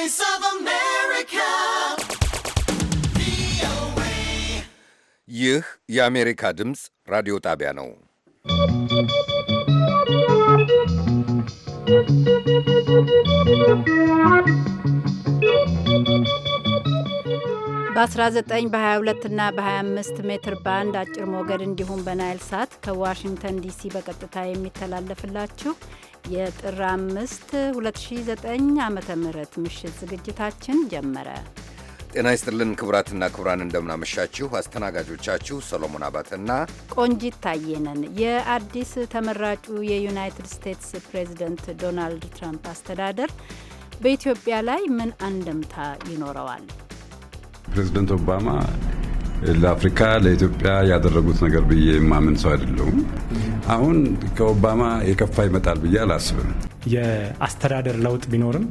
Voice of America. ይህ የአሜሪካ ድምፅ ራዲዮ ጣቢያ ነው። በ19 በ22 እና በ25 ሜትር ባንድ አጭር ሞገድ እንዲሁም በናይል ሳት ከዋሽንግተን ዲሲ በቀጥታ የሚተላለፍላችሁ የጥር አምስት 2009 ዓ ም ምሽት ዝግጅታችን ጀመረ። ጤና ይስጥልን ክቡራትና ክቡራን፣ እንደምናመሻችሁ። አስተናጋጆቻችሁ ሰሎሞን አባተና ቆንጂት ታየነን። የአዲስ ተመራጩ የዩናይትድ ስቴትስ ፕሬዚደንት ዶናልድ ትራምፕ አስተዳደር በኢትዮጵያ ላይ ምን አንድምታ ይኖረዋል? ፕሬዚደንት ኦባማ ለአፍሪካ ለኢትዮጵያ ያደረጉት ነገር ብዬ የማምን ሰው አይደለሁም። አሁን ከኦባማ የከፋ ይመጣል ብዬ አላስብም። የአስተዳደር ለውጥ ቢኖርም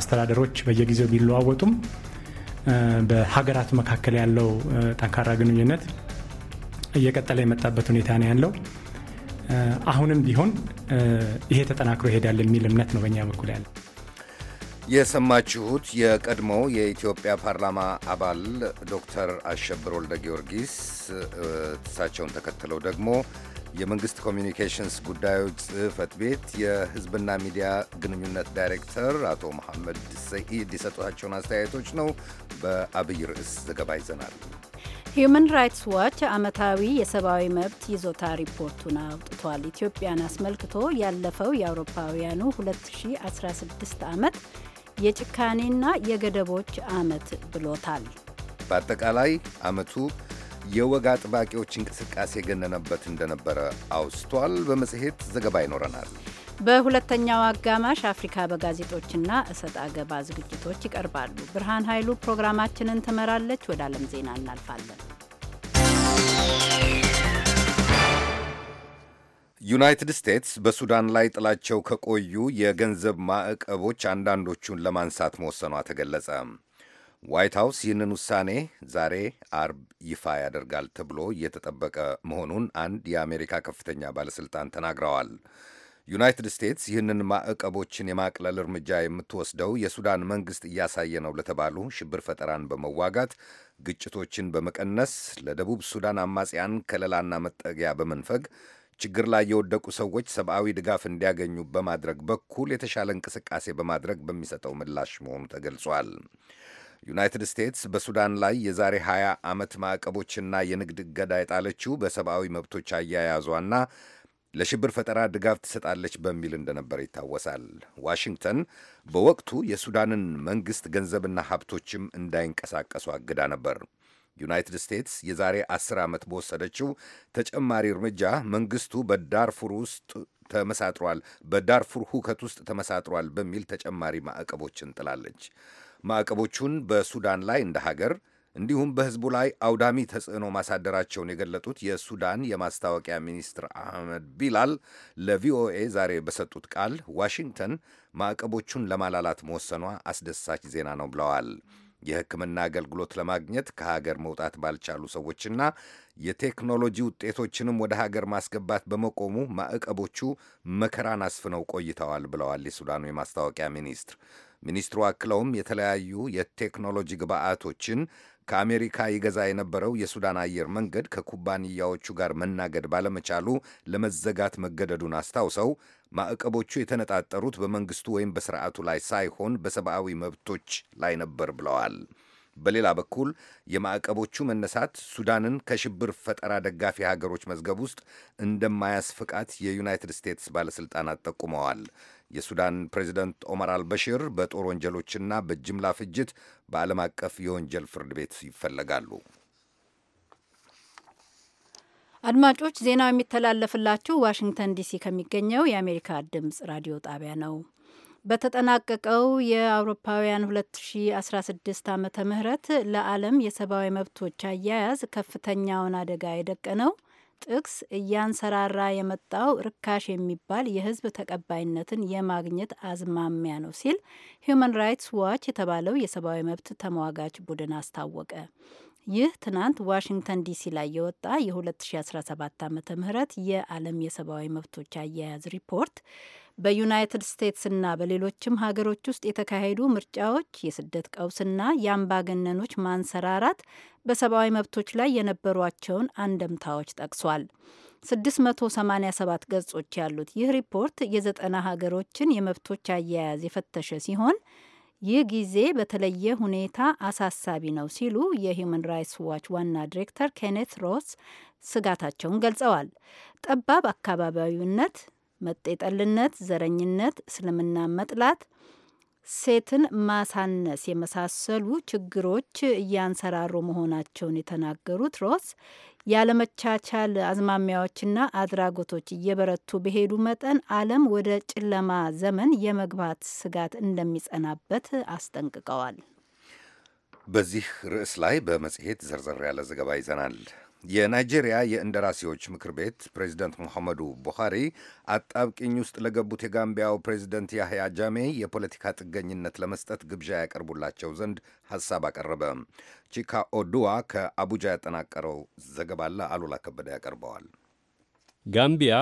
አስተዳደሮች በየጊዜው ቢለዋወጡም በሀገራት መካከል ያለው ጠንካራ ግንኙነት እየቀጠለ የመጣበት ሁኔታ ነው ያለው። አሁንም ቢሆን ይሄ ተጠናክሮ ይሄዳል የሚል እምነት ነው በእኛ በኩል ያለው። የሰማችሁት የቀድሞው የኢትዮጵያ ፓርላማ አባል ዶክተር አሸብር ወልደ ጊዮርጊስ እሳቸውን ተከትለው ደግሞ የመንግስት ኮሚኒኬሽንስ ጉዳዮች ጽህፈት ቤት የህዝብና ሚዲያ ግንኙነት ዳይሬክተር አቶ መሐመድ ሰኢድ የሰጧቸውን አስተያየቶች ነው። በአብይ ርዕስ ዘገባ ይዘናል። ሂዩማን ራይትስ ዋች ዓመታዊ የሰብአዊ መብት ይዞታ ሪፖርቱን አውጥቷል። ኢትዮጵያን አስመልክቶ ያለፈው የአውሮፓውያኑ 2016 ዓመት የጭካኔና የገደቦች ዓመት ብሎታል። በአጠቃላይ ዓመቱ የወግ አጥባቂዎች እንቅስቃሴ የገነነበት እንደነበረ አውስቷል። በመጽሔት ዘገባ ይኖረናል። በሁለተኛው አጋማሽ አፍሪካ በጋዜጦችና እሰጥ አገባ ዝግጅቶች ይቀርባሉ። ብርሃን ኃይሉ ፕሮግራማችንን ትመራለች። ወደ ዓለም ዜና እናልፋለን። ዩናይትድ ስቴትስ በሱዳን ላይ ጥላቸው ከቆዩ የገንዘብ ማዕቀቦች አንዳንዶቹን ለማንሳት መወሰኗ ተገለጸ። ዋይት ሀውስ ይህንን ውሳኔ ዛሬ አርብ ይፋ ያደርጋል ተብሎ እየተጠበቀ መሆኑን አንድ የአሜሪካ ከፍተኛ ባለሥልጣን ተናግረዋል። ዩናይትድ ስቴትስ ይህንን ማዕቀቦችን የማቅለል እርምጃ የምትወስደው የሱዳን መንግሥት እያሳየ ነው ለተባሉ ሽብር ፈጠራን በመዋጋት ግጭቶችን በመቀነስ ለደቡብ ሱዳን አማጽያን ከለላና መጠጊያ በመንፈግ ችግር ላይ የወደቁ ሰዎች ሰብአዊ ድጋፍ እንዲያገኙ በማድረግ በኩል የተሻለ እንቅስቃሴ በማድረግ በሚሰጠው ምላሽ መሆኑ ተገልጿል። ዩናይትድ ስቴትስ በሱዳን ላይ የዛሬ 20 ዓመት ማዕቀቦችና የንግድ እገዳ የጣለችው በሰብአዊ መብቶች አያያዟና ለሽብር ፈጠራ ድጋፍ ትሰጣለች በሚል እንደነበር ይታወሳል። ዋሽንግተን በወቅቱ የሱዳንን መንግሥት ገንዘብና ሀብቶችም እንዳይንቀሳቀሱ አግዳ ነበር። ዩናይትድ ስቴትስ የዛሬ አስር ዓመት በወሰደችው ተጨማሪ እርምጃ መንግስቱ በዳርፉር ውስጥ ተመሳጥሯል በዳርፉር ሁከት ውስጥ ተመሳጥሯል በሚል ተጨማሪ ማዕቀቦችን ጥላለች። ማዕቀቦቹን በሱዳን ላይ እንደ ሀገር እንዲሁም በህዝቡ ላይ አውዳሚ ተጽዕኖ ማሳደራቸውን የገለጡት የሱዳን የማስታወቂያ ሚኒስትር አህመድ ቢላል ለቪኦኤ ዛሬ በሰጡት ቃል ዋሽንግተን ማዕቀቦቹን ለማላላት መወሰኗ አስደሳች ዜና ነው ብለዋል። የሕክምና አገልግሎት ለማግኘት ከሀገር መውጣት ባልቻሉ ሰዎችና የቴክኖሎጂ ውጤቶችንም ወደ ሀገር ማስገባት በመቆሙ ማዕቀቦቹ መከራን አስፍነው ቆይተዋል ብለዋል የሱዳኑ የማስታወቂያ ሚኒስትር። ሚኒስትሩ አክለውም የተለያዩ የቴክኖሎጂ ግብዓቶችን ከአሜሪካ ይገዛ የነበረው የሱዳን አየር መንገድ ከኩባንያዎቹ ጋር መናገድ ባለመቻሉ ለመዘጋት መገደዱን አስታውሰው ማዕቀቦቹ የተነጣጠሩት በመንግስቱ ወይም በስርዓቱ ላይ ሳይሆን በሰብአዊ መብቶች ላይ ነበር ብለዋል። በሌላ በኩል የማዕቀቦቹ መነሳት ሱዳንን ከሽብር ፈጠራ ደጋፊ ሀገሮች መዝገብ ውስጥ እንደማያስፍቃት የዩናይትድ ስቴትስ ባለሥልጣናት ጠቁመዋል። የሱዳን ፕሬዚደንት ኦማር አልበሽር በጦር ወንጀሎችና በጅምላ ፍጅት በዓለም አቀፍ የወንጀል ፍርድ ቤት ይፈለጋሉ። አድማጮች ዜናው የሚተላለፍላችሁ ዋሽንግተን ዲሲ ከሚገኘው የአሜሪካ ድምፅ ራዲዮ ጣቢያ ነው። በተጠናቀቀው የአውሮፓውያን 2016 ዓመተ ምህረት ለዓለም የሰብአዊ መብቶች አያያዝ ከፍተኛውን አደጋ የደቀነው ጥቅስ እያንሰራራ የመጣው ርካሽ የሚባል የህዝብ ተቀባይነትን የማግኘት አዝማሚያ ነው ሲል ሂዩማን ራይትስ ዋች የተባለው የሰብአዊ መብት ተሟጋች ቡድን አስታወቀ። ይህ ትናንት ዋሽንግተን ዲሲ ላይ የወጣ የ2017 ዓ ም የዓለም የሰብአዊ መብቶች አያያዝ ሪፖርት በዩናይትድ ስቴትስና በሌሎችም ሀገሮች ውስጥ የተካሄዱ ምርጫዎች፣ የስደት ቀውስና የአምባገነኖች ማንሰራራት በሰብአዊ መብቶች ላይ የነበሯቸውን አንደምታዎች ጠቅሷል። 687 ገጾች ያሉት ይህ ሪፖርት የዘጠና ሀገሮችን የመብቶች አያያዝ የፈተሸ ሲሆን ይህ ጊዜ በተለየ ሁኔታ አሳሳቢ ነው ሲሉ የሂውማን ራይትስ ዋች ዋና ዲሬክተር ኬኔት ሮስ ስጋታቸውን ገልጸዋል። ጠባብ አካባቢያዊነት፣ መጤጠልነት፣ ዘረኝነት፣ እስልምና መጥላት ሴትን ማሳነስ የመሳሰሉ ችግሮች እያንሰራሩ መሆናቸውን የተናገሩት ሮስ ያለመቻቻል አዝማሚያዎችና አድራጎቶች እየበረቱ በሄዱ መጠን ዓለም ወደ ጨለማ ዘመን የመግባት ስጋት እንደሚጸናበት አስጠንቅቀዋል። በዚህ ርዕስ ላይ በመጽሔት ዘርዘር ያለ ዘገባ ይዘናል። የናይጄሪያ የእንደራሴዎች ምክር ቤት ፕሬዚደንት ሙሐመዱ ቡኻሪ አጣብቂኝ ውስጥ ለገቡት የጋምቢያው ፕሬዚደንት ያህያ ጃሜ የፖለቲካ ጥገኝነት ለመስጠት ግብዣ ያቀርቡላቸው ዘንድ ሐሳብ አቀረበ። ቺካ ኦዱዋ ከአቡጃ ያጠናቀረው ዘገባላ አሉላ ከበደ ያቀርበዋል። ጋምቢያ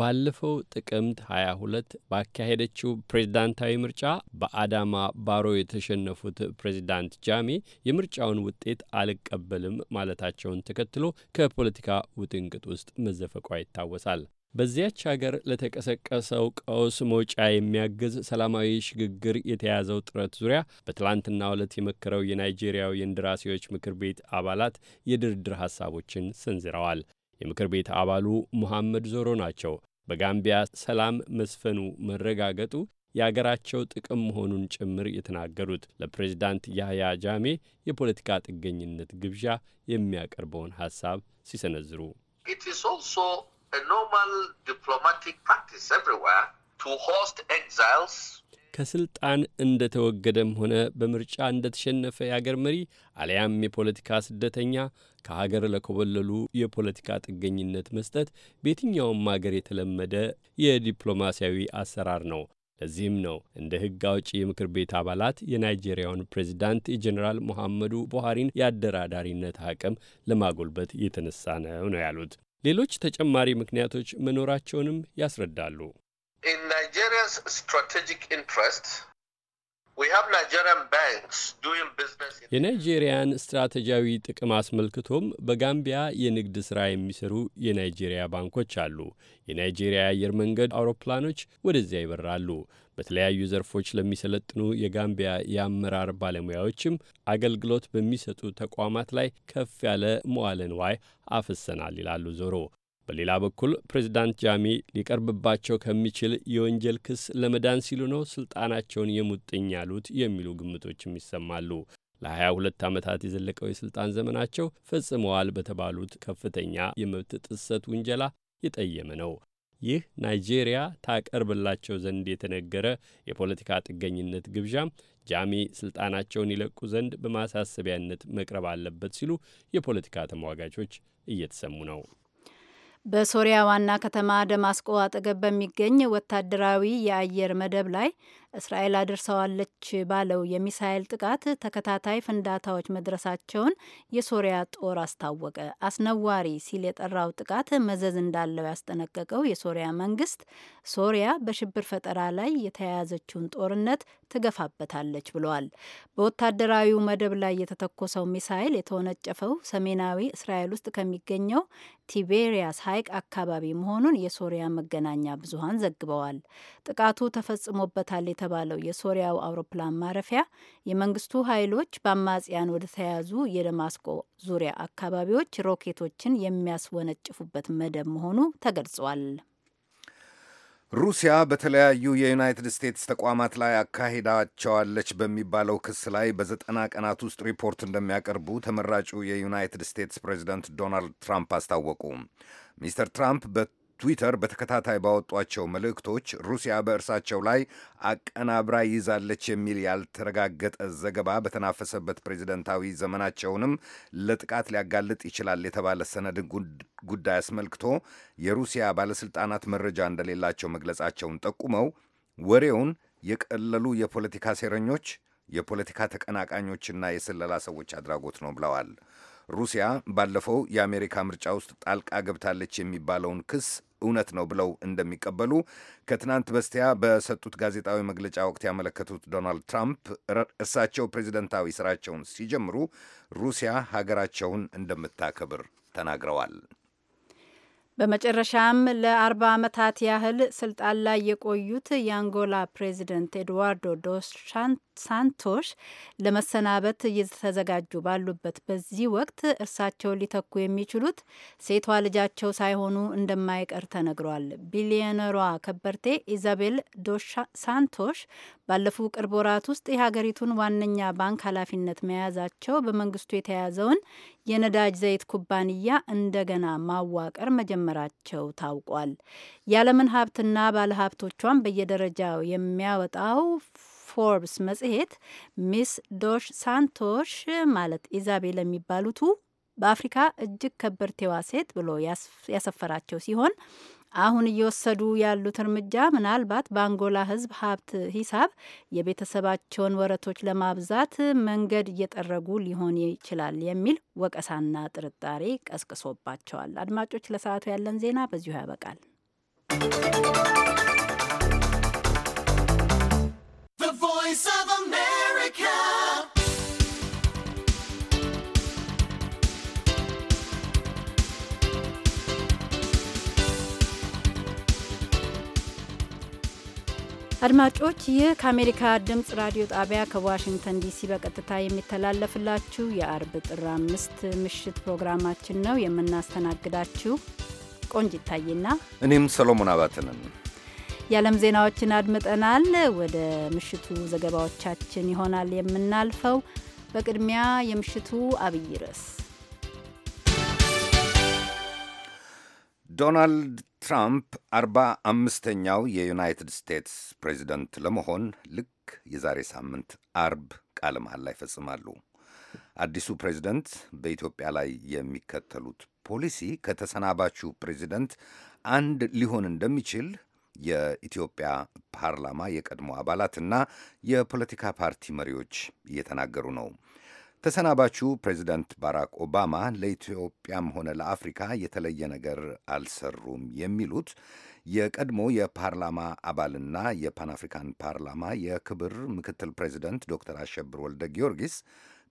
ባለፈው ጥቅምት 22 ባካሄደችው ፕሬዝዳንታዊ ምርጫ በአዳማ ባሮ የተሸነፉት ፕሬዝዳንት ጃሜ የምርጫውን ውጤት አልቀበልም ማለታቸውን ተከትሎ ከፖለቲካ ውጥንቅጥ ውስጥ መዘፈቋ ይታወሳል። በዚያች ሀገር ለተቀሰቀሰው ቀውስ መውጫ የሚያግዝ ሰላማዊ ሽግግር የተያዘው ጥረት ዙሪያ በትላንትና ዕለት የመከረው የናይጄሪያው የእንደራሴዎች ምክር ቤት አባላት የድርድር ሀሳቦችን ሰንዝረዋል። የምክር ቤት አባሉ ሙሐመድ ዞሮ ናቸው። በጋምቢያ ሰላም መስፈኑ መረጋገጡ የአገራቸው ጥቅም መሆኑን ጭምር የተናገሩት ለፕሬዚዳንት ያህያ ጃሜ የፖለቲካ ጥገኝነት ግብዣ የሚያቀርበውን ሀሳብ ሲሰነዝሩ ከስልጣን እንደተወገደም ሆነ በምርጫ እንደተሸነፈ የአገር መሪ አሊያም የፖለቲካ ስደተኛ ከሀገር ለኮበለሉ የፖለቲካ ጥገኝነት መስጠት በየትኛውም አገር የተለመደ የዲፕሎማሲያዊ አሰራር ነው። ለዚህም ነው እንደ ሕግ አውጪ የምክር ቤት አባላት የናይጄሪያውን ፕሬዚዳንት የጀኔራል ሙሐመዱ ቡሃሪን የአደራዳሪነት አቅም ለማጎልበት እየተነሳ ነው ነው ያሉት። ሌሎች ተጨማሪ ምክንያቶች መኖራቸውንም ያስረዳሉ። የናይጄሪያን ስትራቴጂያዊ ጥቅም አስመልክቶም በጋምቢያ የንግድ ሥራ የሚሰሩ የናይጄሪያ ባንኮች አሉ። የናይጄሪያ አየር መንገድ አውሮፕላኖች ወደዚያ ይበራሉ። በተለያዩ ዘርፎች ለሚሰለጥኑ የጋምቢያ የአመራር ባለሙያዎችም አገልግሎት በሚሰጡ ተቋማት ላይ ከፍ ያለ መዋለ ንዋይ አፍሰናል ይላሉ ዞሮ በሌላ በኩል ፕሬዚዳንት ጃሚ ሊቀርብባቸው ከሚችል የወንጀል ክስ ለመዳን ሲሉ ነው ስልጣናቸውን የሙጥኝ ያሉት የሚሉ ግምቶችም ይሰማሉ። ለሀያ ሁለት ዓመታት የዘለቀው የሥልጣን ዘመናቸው ፈጽመዋል በተባሉት ከፍተኛ የመብት ጥሰት ውንጀላ የጠየመ ነው። ይህ ናይጄሪያ ታቀርብላቸው ዘንድ የተነገረ የፖለቲካ ጥገኝነት ግብዣም ጃሚ ስልጣናቸውን ይለቁ ዘንድ በማሳሰቢያነት መቅረብ አለበት ሲሉ የፖለቲካ ተሟጋቾች እየተሰሙ ነው። በሶሪያ ዋና ከተማ ደማስቆ አጠገብ በሚገኝ ወታደራዊ የአየር መደብ ላይ እስራኤል አድርሰዋለች ባለው የሚሳኤል ጥቃት ተከታታይ ፍንዳታዎች መድረሳቸውን የሶሪያ ጦር አስታወቀ። አስነዋሪ ሲል የጠራው ጥቃት መዘዝ እንዳለው ያስጠነቀቀው የሶሪያ መንግስት ሶሪያ በሽብር ፈጠራ ላይ የተያያዘችውን ጦርነት ትገፋበታለች ብለዋል። በወታደራዊው መደብ ላይ የተተኮሰው ሚሳይል የተወነጨፈው ሰሜናዊ እስራኤል ውስጥ ከሚገኘው ቲቤሪያስ ሐይቅ አካባቢ መሆኑን የሶሪያ መገናኛ ብዙኃን ዘግበዋል። ጥቃቱ ተፈጽሞበታል የተባለው የሶሪያው አውሮፕላን ማረፊያ የመንግስቱ ኃይሎች በአማጽያን ወደ ተያዙ የደማስቆ ዙሪያ አካባቢዎች ሮኬቶችን የሚያስወነጭፉበት መደብ መሆኑ ተገልጿል። ሩሲያ በተለያዩ የዩናይትድ ስቴትስ ተቋማት ላይ አካሂዳቸዋለች በሚባለው ክስ ላይ በዘጠና ቀናት ውስጥ ሪፖርት እንደሚያቀርቡ ተመራጩ የዩናይትድ ስቴትስ ፕሬዚደንት ዶናልድ ትራምፕ አስታወቁ። ሚስተር ትራምፕ ትዊተር በተከታታይ ባወጧቸው መልእክቶች ሩሲያ በእርሳቸው ላይ አቀናብራ ይዛለች የሚል ያልተረጋገጠ ዘገባ በተናፈሰበት ፕሬዚደንታዊ ዘመናቸውንም ለጥቃት ሊያጋልጥ ይችላል የተባለ ሰነድ ጉዳይ አስመልክቶ የሩሲያ ባለሥልጣናት መረጃ እንደሌላቸው መግለጻቸውን ጠቁመው ወሬውን የቀለሉ የፖለቲካ ሴረኞች፣ የፖለቲካ ተቀናቃኞችና የስለላ ሰዎች አድራጎት ነው ብለዋል። ሩሲያ ባለፈው የአሜሪካ ምርጫ ውስጥ ጣልቃ ገብታለች የሚባለውን ክስ እውነት ነው ብለው እንደሚቀበሉ ከትናንት በስቲያ በሰጡት ጋዜጣዊ መግለጫ ወቅት ያመለከቱት ዶናልድ ትራምፕ እርሳቸው ፕሬዚደንታዊ ስራቸውን ሲጀምሩ ሩሲያ ሀገራቸውን እንደምታከብር ተናግረዋል። በመጨረሻም ለአርባ ዓመታት ያህል ስልጣን ላይ የቆዩት የአንጎላ ፕሬዚደንት ኤድዋርዶ ዶስ ሳንቶስ ሳንቶሽ ለመሰናበት እየተዘጋጁ ባሉበት በዚህ ወቅት እርሳቸውን ሊተኩ የሚችሉት ሴቷ ልጃቸው ሳይሆኑ እንደማይቀር ተነግሯል። ቢሊዮነሯ ከበርቴ ኢዛቤል ዶሻ ሳንቶሽ ባለፉ ቅርብ ወራት ውስጥ የሀገሪቱን ዋነኛ ባንክ ኃላፊነት መያዛቸው በመንግስቱ የተያዘውን የነዳጅ ዘይት ኩባንያ እንደገና ማዋቀር መጀመራቸው ታውቋል። የዓለምን ሀብትና ባለሀብቶቿን በየደረጃው የሚያወጣው ፎርብስ መጽሔት ሚስ ዶሽ ሳንቶሽ ማለት ኢዛቤል የሚባሉቱ በአፍሪካ እጅግ ከበርቴዋ ሴት ብሎ ያሰፈራቸው ሲሆን አሁን እየወሰዱ ያሉት እርምጃ ምናልባት በአንጎላ ሕዝብ ሀብት ሂሳብ የቤተሰባቸውን ወረቶች ለማብዛት መንገድ እየጠረጉ ሊሆን ይችላል የሚል ወቀሳና ጥርጣሬ ቀስቅሶባቸዋል። አድማጮች፣ ለሰዓቱ ያለን ዜና በዚሁ ያበቃል። Voice of America. አድማጮች ይህ ከአሜሪካ ድምፅ ራዲዮ ጣቢያ ከዋሽንግተን ዲሲ በቀጥታ የሚተላለፍላችሁ የአርብ ጥር አምስት ምሽት ፕሮግራማችን ነው። የምናስተናግዳችሁ ቆንጅ ይታይና እኔም ሰሎሞን አባተ ነን። የዓለም ዜናዎችን አድምጠናል። ወደ ምሽቱ ዘገባዎቻችን ይሆናል የምናልፈው። በቅድሚያ የምሽቱ አብይ ርዕስ ዶናልድ ትራምፕ አርባ አምስተኛው የዩናይትድ ስቴትስ ፕሬዚደንት ለመሆን ልክ የዛሬ ሳምንት አርብ ቃለ መሐላ ይፈጽማሉ። አዲሱ ፕሬዚደንት በኢትዮጵያ ላይ የሚከተሉት ፖሊሲ ከተሰናባቹ ፕሬዚደንት አንድ ሊሆን እንደሚችል የኢትዮጵያ ፓርላማ የቀድሞ አባላትና የፖለቲካ ፓርቲ መሪዎች እየተናገሩ ነው። ተሰናባቹ ፕሬዚዳንት ባራክ ኦባማ ለኢትዮጵያም ሆነ ለአፍሪካ የተለየ ነገር አልሰሩም የሚሉት የቀድሞ የፓርላማ አባልና የፓን አፍሪካን ፓርላማ የክብር ምክትል ፕሬዚደንት ዶክተር አሸብር ወልደ ጊዮርጊስ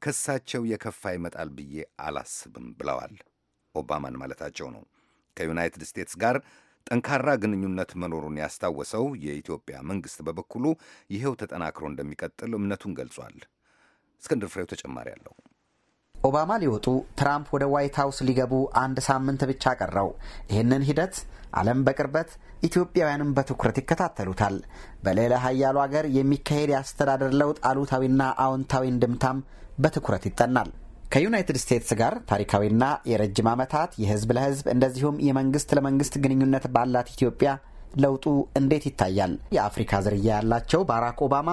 ከሳቸው የከፋ ይመጣል ብዬ አላስብም ብለዋል። ኦባማን ማለታቸው ነው። ከዩናይትድ ስቴትስ ጋር ጠንካራ ግንኙነት መኖሩን ያስታወሰው የኢትዮጵያ መንግስት በበኩሉ ይኸው ተጠናክሮ እንደሚቀጥል እምነቱን ገልጿል። እስክንድር ፍሬው ተጨማሪ አለው። ኦባማ ሊወጡ ትራምፕ ወደ ዋይት ሀውስ ሊገቡ አንድ ሳምንት ብቻ ቀረው። ይህንን ሂደት ዓለም በቅርበት ኢትዮጵያውያንም በትኩረት ይከታተሉታል። በሌላ ሀያሉ አገር የሚካሄድ የአስተዳደር ለውጥ አሉታዊና አዎንታዊ እንድምታም በትኩረት ይጠናል። ከዩናይትድ ስቴትስ ጋር ታሪካዊና የረጅም ዓመታት የህዝብ ለህዝብ እንደዚሁም የመንግስት ለመንግስት ግንኙነት ባላት ኢትዮጵያ ለውጡ እንዴት ይታያል? የአፍሪካ ዝርያ ያላቸው ባራክ ኦባማ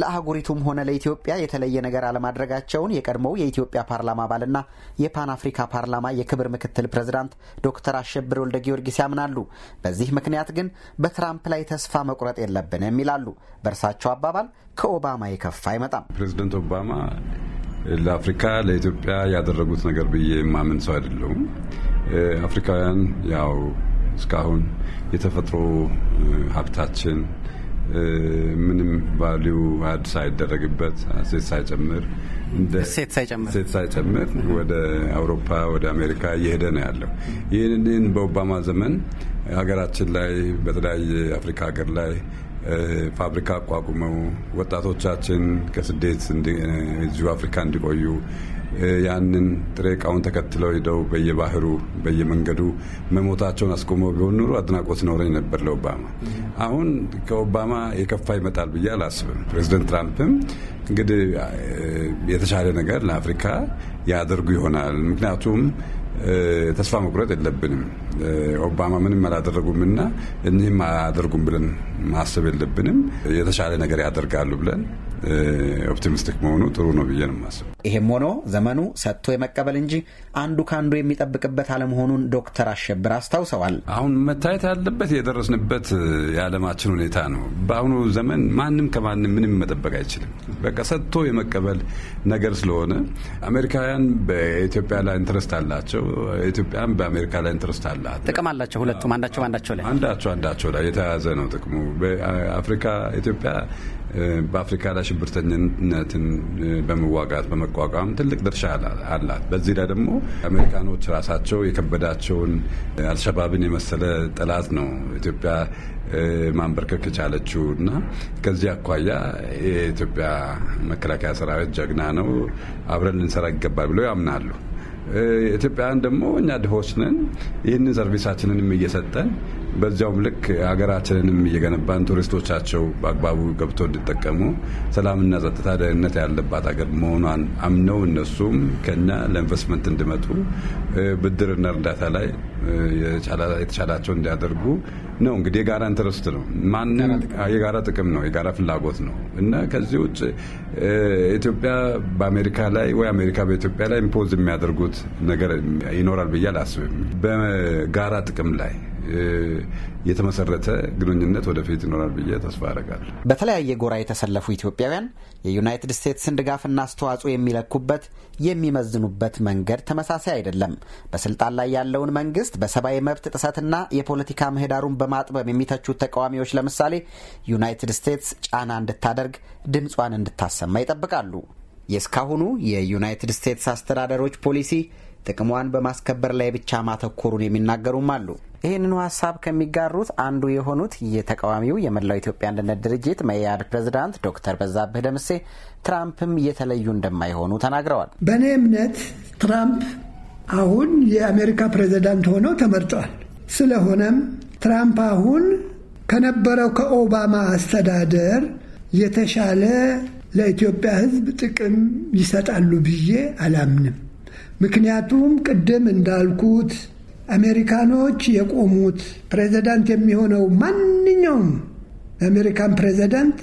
ለአህጉሪቱም ሆነ ለኢትዮጵያ የተለየ ነገር አለማድረጋቸውን የቀድሞው የኢትዮጵያ ፓርላማ አባልና የፓን አፍሪካ ፓርላማ የክብር ምክትል ፕሬዝዳንት ዶክተር አሸብር ወልደ ጊዮርጊስ ያምናሉ። በዚህ ምክንያት ግን በትራምፕ ላይ ተስፋ መቁረጥ የለብንም ይላሉ። በእርሳቸው አባባል ከኦባማ የከፋ አይመጣም። ፕሬዝደንት ኦባማ ለአፍሪካ ለኢትዮጵያ ያደረጉት ነገር ብዬ የማምን ሰው አይደለሁም። አፍሪካውያን ያው እስካሁን የተፈጥሮ ሀብታችን ምንም ቫሊዩ አድ ሳይደረግበት ሴት ሳይጨምር ሴት ሳይጨምር ወደ አውሮፓ ወደ አሜሪካ እየሄደ ነው ያለው። ይህንን በኦባማ ዘመን ሀገራችን ላይ በተለያየ አፍሪካ ሀገር ላይ ፋብሪካ አቋቁመው ወጣቶቻችን ከስደት እዚሁ አፍሪካ እንዲቆዩ ያንን ጥሬ እቃውን ተከትለው ሄደው በየባህሩ በየመንገዱ መሞታቸውን አስቆመው ቢሆን ኑሮ አድናቆት ኖረኝ ነበር ለኦባማ። አሁን ከኦባማ የከፋ ይመጣል ብዬ አላስብም። ፕሬዚደንት ትራምፕም እንግዲህ የተሻለ ነገር ለአፍሪካ ያደርጉ ይሆናል ምክንያቱም ተስፋ መቁረጥ የለብንም። ኦባማ ምንም አላደረጉምና እኒህም አያደርጉም ብለን ማሰብ የለብንም። የተሻለ ነገር ያደርጋሉ ብለን ኦፕቲሚስቲክ መሆኑ ጥሩ ነው ብዬ ነው የማስበው። ይሄም ሆኖ ዘመኑ ሰጥቶ የመቀበል እንጂ አንዱ ከአንዱ የሚጠብቅበት አለመሆኑን ዶክተር አሸብር አስታውሰዋል። አሁን መታየት ያለበት የደረስንበት የዓለማችን ሁኔታ ነው። በአሁኑ ዘመን ማንም ከማንም ምንም መጠበቅ አይችልም። በቃ ሰጥቶ የመቀበል ነገር ስለሆነ አሜሪካውያን በኢትዮጵያ ላይ ኢንትረስት አላቸው ናቸው። ኢትዮጵያም በአሜሪካ ላይ ኢንትረስት አላት። ጥቅም አላቸው ሁለቱም፣ አንዳቸው አንዳቸው ላይ አንዳቸው አንዳቸው ላይ የተያያዘ ነው ጥቅሙ። በአፍሪካ ኢትዮጵያ በአፍሪካ ላይ ሽብርተኝነትን በመዋጋት በመቋቋም ትልቅ ድርሻ አላት። በዚህ ላይ ደግሞ አሜሪካኖች ራሳቸው የከበዳቸውን አልሸባብን የመሰለ ጠላት ነው ኢትዮጵያ ማንበርከክ የቻለችው እና ከዚህ አኳያ የኢትዮጵያ መከላከያ ሰራዊት ጀግና ነው፣ አብረን ልንሰራ ይገባል ብለው ያምናሉ። ኢትዮጵያውያን ደግሞ እኛ ድሆች ነን። ይህንን ሰርቪሳችንንም እየሰጠን በዚያውም ልክ ሀገራችንንም እየገነባን ቱሪስቶቻቸው በአግባቡ ገብቶ እንዲጠቀሙ ሰላምና ጸጥታ፣ ደህንነት ያለባት ሀገር መሆኗን አምነው እነሱም ከኛ ለኢንቨስትመንት እንዲመጡ ብድርና እርዳታ ላይ የተቻላቸው እንዲያደርጉ ነው እንግዲህ የጋራ ኢንተረስት ነው። ማንም የጋራ ጥቅም ነው፣ የጋራ ፍላጎት ነው እና ከዚህ ውጭ ኢትዮጵያ በአሜሪካ ላይ ወይ አሜሪካ በኢትዮጵያ ላይ ኢምፖዝ የሚያደርጉት ነገር ይኖራል ብዬ አላስብም። በጋራ ጥቅም ላይ የተመሰረተ ግንኙነት ወደፊት ይኖራል ብዬ ተስፋ አደርጋለሁ። በተለያየ ጎራ የተሰለፉ ኢትዮጵያውያን የዩናይትድ ስቴትስን ድጋፍና አስተዋጽኦ የሚለኩበት የሚመዝኑበት መንገድ ተመሳሳይ አይደለም። በስልጣን ላይ ያለውን መንግስት በሰብአዊ መብት ጥሰትና የፖለቲካ ምህዳሩን በማጥበብ የሚተቹት ተቃዋሚዎች ለምሳሌ ዩናይትድ ስቴትስ ጫና እንድታደርግ ድምጿን እንድታሰማ ይጠብቃሉ። የእስካሁኑ የዩናይትድ ስቴትስ አስተዳደሮች ፖሊሲ ጥቅሟን በማስከበር ላይ ብቻ ማተኮሩን የሚናገሩም አሉ። ይህንኑ ሀሳብ ከሚጋሩት አንዱ የሆኑት የተቃዋሚው የመላው ኢትዮጵያ አንድነት ድርጅት መኢአድ ፕሬዝዳንት ዶክተር በዛብህ ደምሴ ትራምፕም የተለዩ እንደማይሆኑ ተናግረዋል። በእኔ እምነት ትራምፕ አሁን የአሜሪካ ፕሬዝዳንት ሆነው ተመርጠዋል። ስለሆነም ትራምፕ አሁን ከነበረው ከኦባማ አስተዳደር የተሻለ ለኢትዮጵያ ሕዝብ ጥቅም ይሰጣሉ ብዬ አላምንም። ምክንያቱም ቅድም እንዳልኩት አሜሪካኖች የቆሙት ፕሬዚዳንት የሚሆነው ማንኛውም የአሜሪካን ፕሬዚዳንት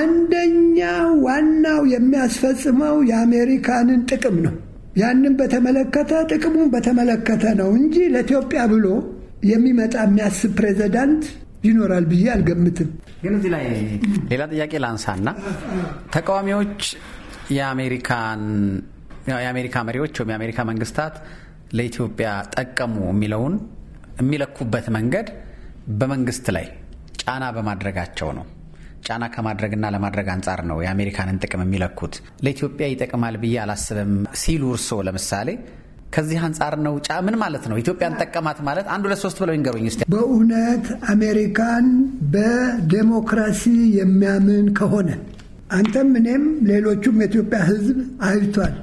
አንደኛ ዋናው የሚያስፈጽመው የአሜሪካንን ጥቅም ነው። ያንን በተመለከተ ጥቅሙን በተመለከተ ነው እንጂ ለኢትዮጵያ ብሎ የሚመጣ የሚያስብ ፕሬዚዳንት ይኖራል ብዬ አልገምትም። ግን እዚህ ላይ ሌላ ጥያቄ ላንሳና ተቃዋሚዎች የአሜሪካን የአሜሪካ መሪዎች ወይም የአሜሪካ መንግስታት ለኢትዮጵያ ጠቀሙ የሚለውን የሚለኩበት መንገድ በመንግስት ላይ ጫና በማድረጋቸው ነው። ጫና ከማድረግና ለማድረግ አንጻር ነው የአሜሪካንን ጥቅም የሚለኩት። ለኢትዮጵያ ይጠቅማል ብዬ አላስብም ሲሉ እርስዎ ለምሳሌ ከዚህ አንጻር ነው ጫ ምን ማለት ነው? ኢትዮጵያን ጠቀማት ማለት አንድ ሁለት ሶስት ብለው ይንገሩኝ እስኪ። በእውነት አሜሪካን በዴሞክራሲ የሚያምን ከሆነ አንተም እኔም ሌሎቹም የኢትዮጵያ ሕዝብ አይቷል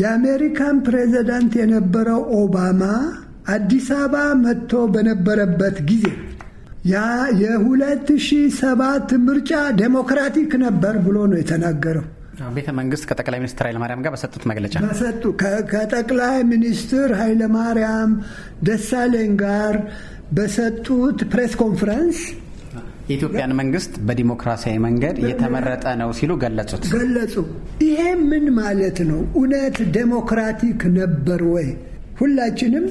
የአሜሪካን ፕሬዚዳንት የነበረው ኦባማ አዲስ አበባ መጥቶ በነበረበት ጊዜ ያ የ 207 ምርጫ ዴሞክራቲክ ነበር ብሎ ነው የተናገረው። ቤተ መንግስት ከጠቅላይ ሚኒስትር ኃይለማርያም ጋር በሰጡት መግለጫ በሰጡ ከጠቅላይ ሚኒስትር ኃይለማርያም ደሳለኝ ጋር በሰጡት ፕሬስ ኮንፈረንስ የኢትዮጵያን መንግስት በዲሞክራሲያዊ መንገድ የተመረጠ ነው ሲሉ ገለጹት ገለጹ። ይሄ ምን ማለት ነው? እውነት ዴሞክራቲክ ነበር ወይ? ሁላችንም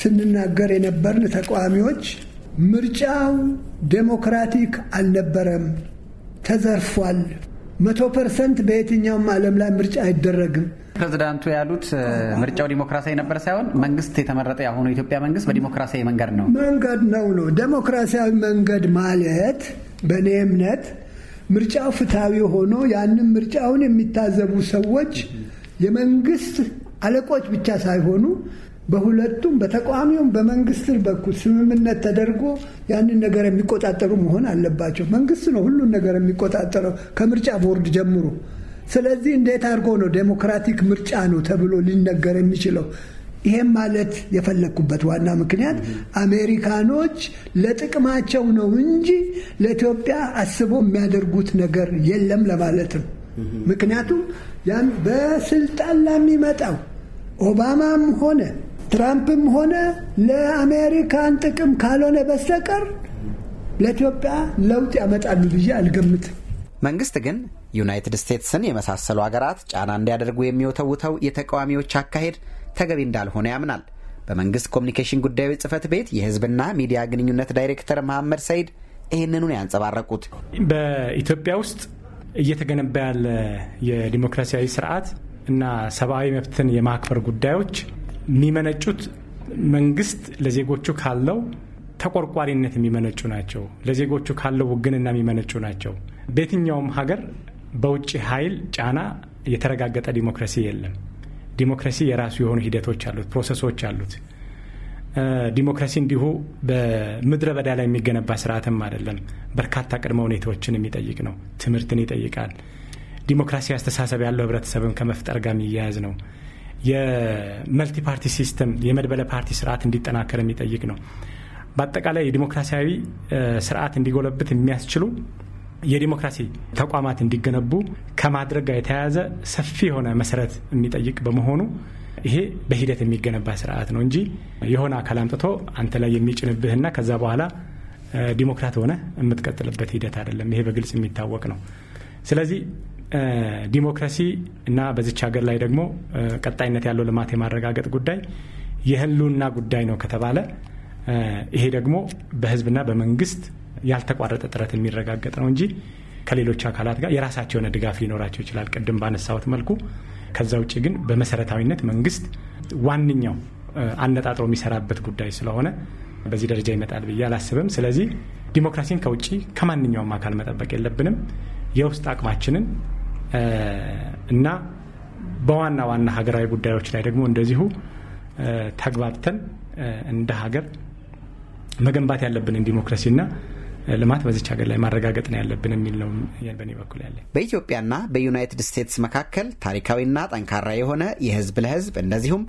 ስንናገር የነበርን ተቃዋሚዎች ምርጫው ዴሞክራቲክ አልነበረም፣ ተዘርፏል፣ መቶ ፐርሰንት በየትኛውም ዓለም ላይ ምርጫ አይደረግም ፕሬዚዳንቱ ያሉት ምርጫው ዲሞክራሲያዊ ነበር ሳይሆን መንግስት የተመረጠ የአሁኑ ኢትዮጵያ መንግስት በዲሞክራሲያዊ መንገድ ነው መንገድ ነው ነው ዲሞክራሲያዊ መንገድ ማለት በእኔ እምነት ምርጫው ፍትሐዊ ሆኖ ያንን ምርጫውን የሚታዘቡ ሰዎች የመንግስት አለቆች ብቻ ሳይሆኑ በሁለቱም በተቃዋሚውም በመንግስት በኩል ስምምነት ተደርጎ ያንን ነገር የሚቆጣጠሩ መሆን አለባቸው። መንግስት ነው ሁሉን ነገር የሚቆጣጠረው ከምርጫ ቦርድ ጀምሮ ስለዚህ እንዴት አድርጎ ነው ዴሞክራቲክ ምርጫ ነው ተብሎ ሊነገር የሚችለው? ይሄም ማለት የፈለግኩበት ዋና ምክንያት አሜሪካኖች ለጥቅማቸው ነው እንጂ ለኢትዮጵያ አስቦ የሚያደርጉት ነገር የለም ለማለት ነው። ምክንያቱም ያን በስልጣን ለሚመጣው ኦባማም ሆነ ትራምፕም ሆነ ለአሜሪካን ጥቅም ካልሆነ በስተቀር ለኢትዮጵያ ለውጥ ያመጣሉ ብዬ አልገምትም። መንግስት ግን ዩናይትድ ስቴትስን የመሳሰሉ ሀገራት ጫና እንዲያደርጉ የሚወተውተው የተቃዋሚዎች አካሄድ ተገቢ እንዳልሆነ ያምናል። በመንግስት ኮሚኒኬሽን ጉዳዮች ጽህፈት ቤት የህዝብና ሚዲያ ግንኙነት ዳይሬክተር መሐመድ ሰይድ ይህንኑን ያንጸባረቁት በኢትዮጵያ ውስጥ እየተገነባ ያለ የዲሞክራሲያዊ ስርዓት እና ሰብአዊ መብትን የማክበር ጉዳዮች የሚመነጩት መንግስት ለዜጎቹ ካለው ተቆርቋሪነት የሚመነጩ ናቸው። ለዜጎቹ ካለው ውግንና የሚመነጩ ናቸው። በየትኛውም ሀገር በውጭ ኃይል ጫና የተረጋገጠ ዲሞክራሲ የለም። ዲሞክራሲ የራሱ የሆኑ ሂደቶች አሉት፣ ፕሮሰሶች አሉት። ዲሞክራሲ እንዲሁ በምድረ በዳ ላይ የሚገነባ ስርዓትም አይደለም። በርካታ ቅድመ ሁኔታዎችን የሚጠይቅ ነው። ትምህርትን ይጠይቃል። ዲሞክራሲ አስተሳሰብ ያለው ህብረተሰብን ከመፍጠር ጋር የሚያያዝ ነው። የመልቲ ፓርቲ ሲስተም የመድበለ ፓርቲ ስርዓት እንዲጠናከር የሚጠይቅ ነው። በአጠቃላይ የዲሞክራሲያዊ ስርዓት እንዲጎለብት የሚያስችሉ የዲሞክራሲ ተቋማት እንዲገነቡ ከማድረግ ጋር የተያያዘ ሰፊ የሆነ መሰረት የሚጠይቅ በመሆኑ ይሄ በሂደት የሚገነባ ስርዓት ነው እንጂ የሆነ አካል አምጥቶ አንተ ላይ የሚጭንብህና ከዛ በኋላ ዲሞክራት ሆነ የምትቀጥልበት ሂደት አይደለም። ይሄ በግልጽ የሚታወቅ ነው። ስለዚህ ዲሞክራሲ እና በዚች ሀገር ላይ ደግሞ ቀጣይነት ያለው ልማት የማረጋገጥ ጉዳይ የህልውና ጉዳይ ነው ከተባለ ይሄ ደግሞ በህዝብና በመንግስት ያልተቋረጠ ጥረት የሚረጋገጥ ነው እንጂ ከሌሎች አካላት ጋር የራሳቸው የሆነ ድጋፍ ሊኖራቸው ይችላል፣ ቅድም ባነሳሁት መልኩ። ከዛ ውጭ ግን በመሰረታዊነት መንግስት ዋነኛው አነጣጥሮ የሚሰራበት ጉዳይ ስለሆነ በዚህ ደረጃ ይመጣል ብዬ አላስብም። ስለዚህ ዲሞክራሲን ከውጭ ከማንኛውም አካል መጠበቅ የለብንም። የውስጥ አቅማችንን እና በዋና ዋና ሀገራዊ ጉዳዮች ላይ ደግሞ እንደዚሁ ተግባብተን እንደ ሀገር መገንባት ያለብንን ዲሞክራሲና ልማት በዚች ሀገር ላይ ማረጋገጥ ነው ያለብን የሚል ነው በእኔ በኩል ያለ። በኢትዮጵያና በዩናይትድ ስቴትስ መካከል ታሪካዊና ጠንካራ የሆነ የህዝብ ለህዝብ እንደዚሁም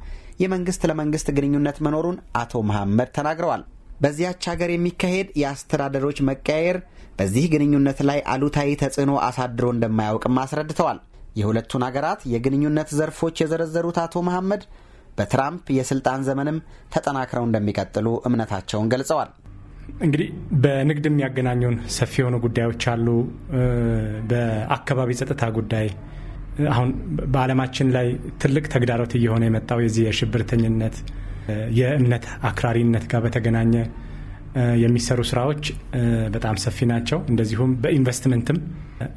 የመንግስት ለመንግስት ግንኙነት መኖሩን አቶ መሐመድ ተናግረዋል። በዚያች ሀገር የሚካሄድ የአስተዳደሮች መቀያየር በዚህ ግንኙነት ላይ አሉታዊ ተጽዕኖ አሳድሮ እንደማያውቅም አስረድተዋል። የሁለቱን ሀገራት የግንኙነት ዘርፎች የዘረዘሩት አቶ መሐመድ በትራምፕ የስልጣን ዘመንም ተጠናክረው እንደሚቀጥሉ እምነታቸውን ገልጸዋል። እንግዲህ በንግድ የሚያገናኙን ሰፊ የሆኑ ጉዳዮች አሉ። በአካባቢ ጸጥታ ጉዳይ አሁን በዓለማችን ላይ ትልቅ ተግዳሮት እየሆነ የመጣው የዚህ የሽብርተኝነት የእምነት አክራሪነት ጋር በተገናኘ የሚሰሩ ስራዎች በጣም ሰፊ ናቸው። እንደዚሁም በኢንቨስትመንትም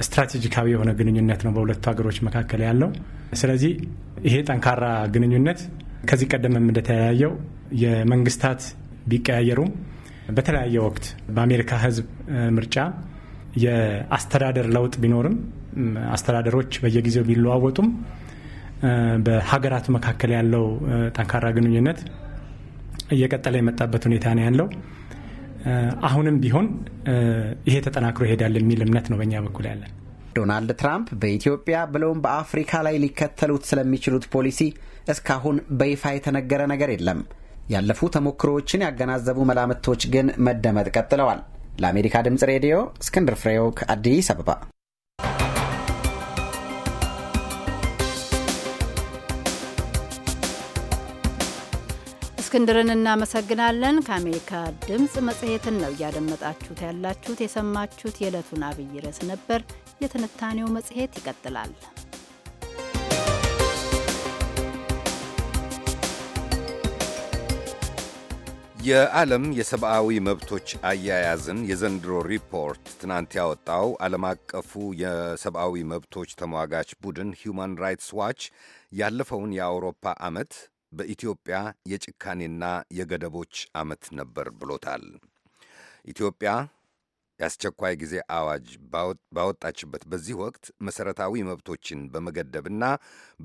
ስትራቴጂካዊ የሆነ ግንኙነት ነው በሁለቱ ሀገሮች መካከል ያለው። ስለዚህ ይሄ ጠንካራ ግንኙነት ከዚህ ቀደምም እንደተለያየው የመንግስታት ቢቀያየሩም በተለያየ ወቅት በአሜሪካ ህዝብ ምርጫ የአስተዳደር ለውጥ ቢኖርም አስተዳደሮች በየጊዜው ቢለዋወጡም በሀገራቱ መካከል ያለው ጠንካራ ግንኙነት እየቀጠለ የመጣበት ሁኔታ ነው ያለው። አሁንም ቢሆን ይሄ ተጠናክሮ ይሄዳል የሚል እምነት ነው በእኛ በኩል ያለን። ዶናልድ ትራምፕ በኢትዮጵያ ብለውም በአፍሪካ ላይ ሊከተሉት ስለሚችሉት ፖሊሲ እስካሁን በይፋ የተነገረ ነገር የለም። ያለፉ ተሞክሮዎችን ያገናዘቡ መላምቶች ግን መደመጥ ቀጥለዋል። ለአሜሪካ ድምፅ ሬዲዮ እስክንድር ፍሬው ከአዲስ አበባ። እስክንድርን እናመሰግናለን። ከአሜሪካ ድምፅ መጽሔትን ነው እያደመጣችሁት ያላችሁት። የሰማችሁት የዕለቱን አብይ ርዕስ ነበር። የትንታኔው መጽሔት ይቀጥላል። የዓለም የሰብአዊ መብቶች አያያዝን የዘንድሮ ሪፖርት ትናንት ያወጣው ዓለም አቀፉ የሰብአዊ መብቶች ተሟጋች ቡድን ሂውማን ራይትስ ዋች ያለፈውን የአውሮፓ ዓመት በኢትዮጵያ የጭካኔና የገደቦች ዓመት ነበር ብሎታል። ኢትዮጵያ የአስቸኳይ ጊዜ አዋጅ ባወጣችበት በዚህ ወቅት መሠረታዊ መብቶችን በመገደብና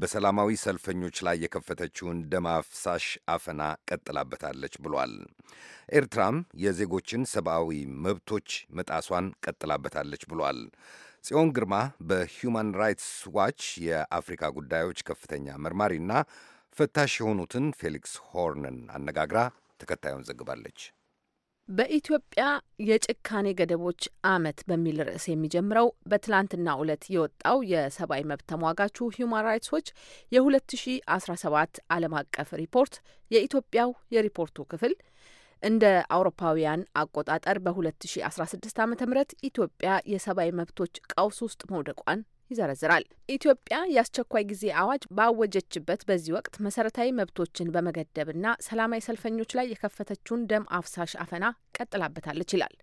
በሰላማዊ ሰልፈኞች ላይ የከፈተችውን ደም አፍሳሽ አፈና ቀጥላበታለች ብሏል። ኤርትራም የዜጎችን ሰብአዊ መብቶች መጣሷን ቀጥላበታለች ብሏል። ጽዮን ግርማ በሂዩማን ራይትስ ዋች የአፍሪካ ጉዳዮች ከፍተኛ መርማሪና ፈታሽ የሆኑትን ፌሊክስ ሆርንን አነጋግራ ተከታዩን ዘግባለች። በኢትዮጵያ የጭካኔ ገደቦች አመት በሚል ርዕስ የሚጀምረው በትላንትና ዕለት የወጣው የሰብአዊ መብት ተሟጋቹ ሁማን ራይትስ ዎች የ2017 ዓለም አቀፍ ሪፖርት የኢትዮጵያው የሪፖርቱ ክፍል እንደ አውሮፓውያን አቆጣጠር በ2016 ዓ ም ኢትዮጵያ የሰብአዊ መብቶች ቀውስ ውስጥ መውደቋን ይዘረዝራል። ኢትዮጵያ የአስቸኳይ ጊዜ አዋጅ ባወጀችበት በዚህ ወቅት መሰረታዊ መብቶችን በመገደብና ሰላማዊ ሰልፈኞች ላይ የከፈተችውን ደም አፍሳሽ አፈና ቀጥላበታለች ይላል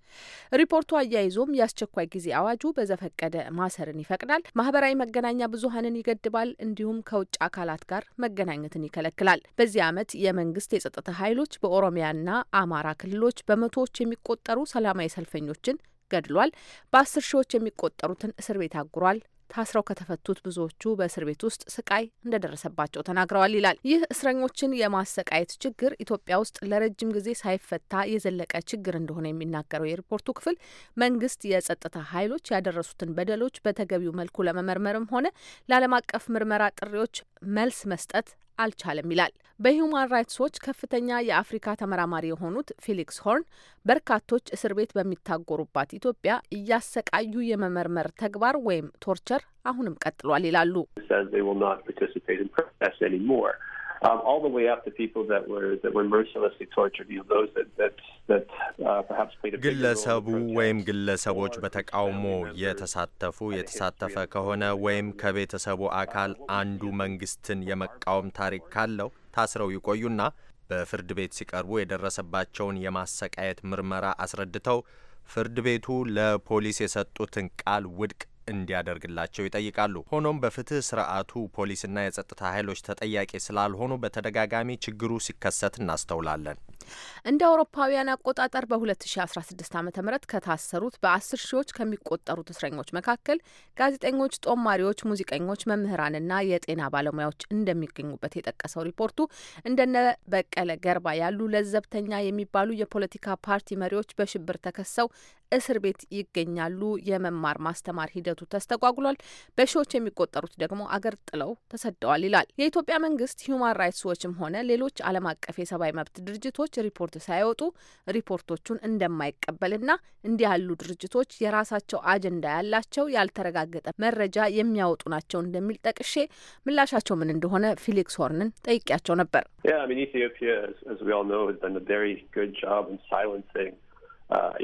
ሪፖርቱ። አያይዞም የአስቸኳይ ጊዜ አዋጁ በዘፈቀደ ማሰርን ይፈቅዳል፣ ማህበራዊ መገናኛ ብዙሀንን ይገድባል፣ እንዲሁም ከውጭ አካላት ጋር መገናኘትን ይከለክላል። በዚህ ዓመት የመንግስት የጸጥታ ኃይሎች በኦሮሚያና አማራ ክልሎች በመቶዎች የሚቆጠሩ ሰላማዊ ሰልፈኞችን ገድሏል፣ በአስር ሺዎች የሚቆጠሩትን እስር ቤት አጉሯል ታስረው ከተፈቱት ብዙዎቹ በእስር ቤት ውስጥ ስቃይ እንደደረሰባቸው ተናግረዋል ይላል። ይህ እስረኞችን የማሰቃየት ችግር ኢትዮጵያ ውስጥ ለረጅም ጊዜ ሳይፈታ የዘለቀ ችግር እንደሆነ የሚናገረው የሪፖርቱ ክፍል መንግስት፣ የጸጥታ ኃይሎች ያደረሱትን በደሎች በተገቢው መልኩ ለመመርመርም ሆነ ለዓለም አቀፍ ምርመራ ጥሪዎች መልስ መስጠት አልቻለም ይላል። በሂውማን ራይትስ ዎች ከፍተኛ የአፍሪካ ተመራማሪ የሆኑት ፊሊክስ ሆርን በርካቶች እስር ቤት በሚታጎሩባት ኢትዮጵያ እያሰቃዩ የመመርመር ተግባር ወይም ቶርቸር አሁንም ቀጥሏል ይላሉ። um, all the way up to people that were that were mercilessly tortured, you know, those that that that uh, perhaps played a ግለሰቡ ወይም ግለሰቦች በተቃውሞ የተሳተፉ የተሳተፈ ከሆነ ወይም ከቤተሰቡ uh, አካል አንዱ መንግስትን የመቃወም ታሪክ ካለው ታስረው ይቆዩና በፍርድ ቤት ሲቀርቡ የደረሰባቸውን የማሰቃየት ምርመራ አስረድተው ፍርድ ቤቱ ለፖሊስ የሰጡትን ቃል ውድቅ እንዲያደርግላቸው ይጠይቃሉ። ሆኖም በፍትህ ስርዓቱ ፖሊስና የጸጥታ ኃይሎች ተጠያቂ ስላልሆኑ በተደጋጋሚ ችግሩ ሲከሰት እናስተውላለን። እንደ አውሮፓውያን አቆጣጠር በ2016 ዓ ም ከታሰሩት በአስር ሺዎች ከሚቆጠሩት እስረኞች መካከል ጋዜጠኞች፣ ጦማሪዎች፣ ሙዚቀኞች፣ መምህራንና የጤና ባለሙያዎች እንደሚገኙበት የጠቀሰው ሪፖርቱ እንደነ በቀለ ገርባ ያሉ ለዘብተኛ የሚባሉ የፖለቲካ ፓርቲ መሪዎች በሽብር ተከሰው እስር ቤት ይገኛሉ። የመማር ማስተማር ሂደቱ ተስተጓጉሏል። በሺዎች የሚቆጠሩት ደግሞ አገር ጥለው ተሰደዋል ይላል። የኢትዮጵያ መንግስት ሂዩማን ራይትስ ዎችም ሆነ ሌሎች ዓለም አቀፍ የሰብአዊ መብት ድርጅቶች ሪፖርት ሳይወጡ ሪፖርቶቹን እንደማይቀበልና እንዲህ ያሉ ድርጅቶች የራሳቸው አጀንዳ ያላቸው ያልተረጋገጠ መረጃ የሚያወጡ ናቸው እንደሚል ጠቅሼ ምላሻቸው ምን እንደሆነ ፊሊክስ ሆርንን ጠይቄያቸው ነበር። Uh,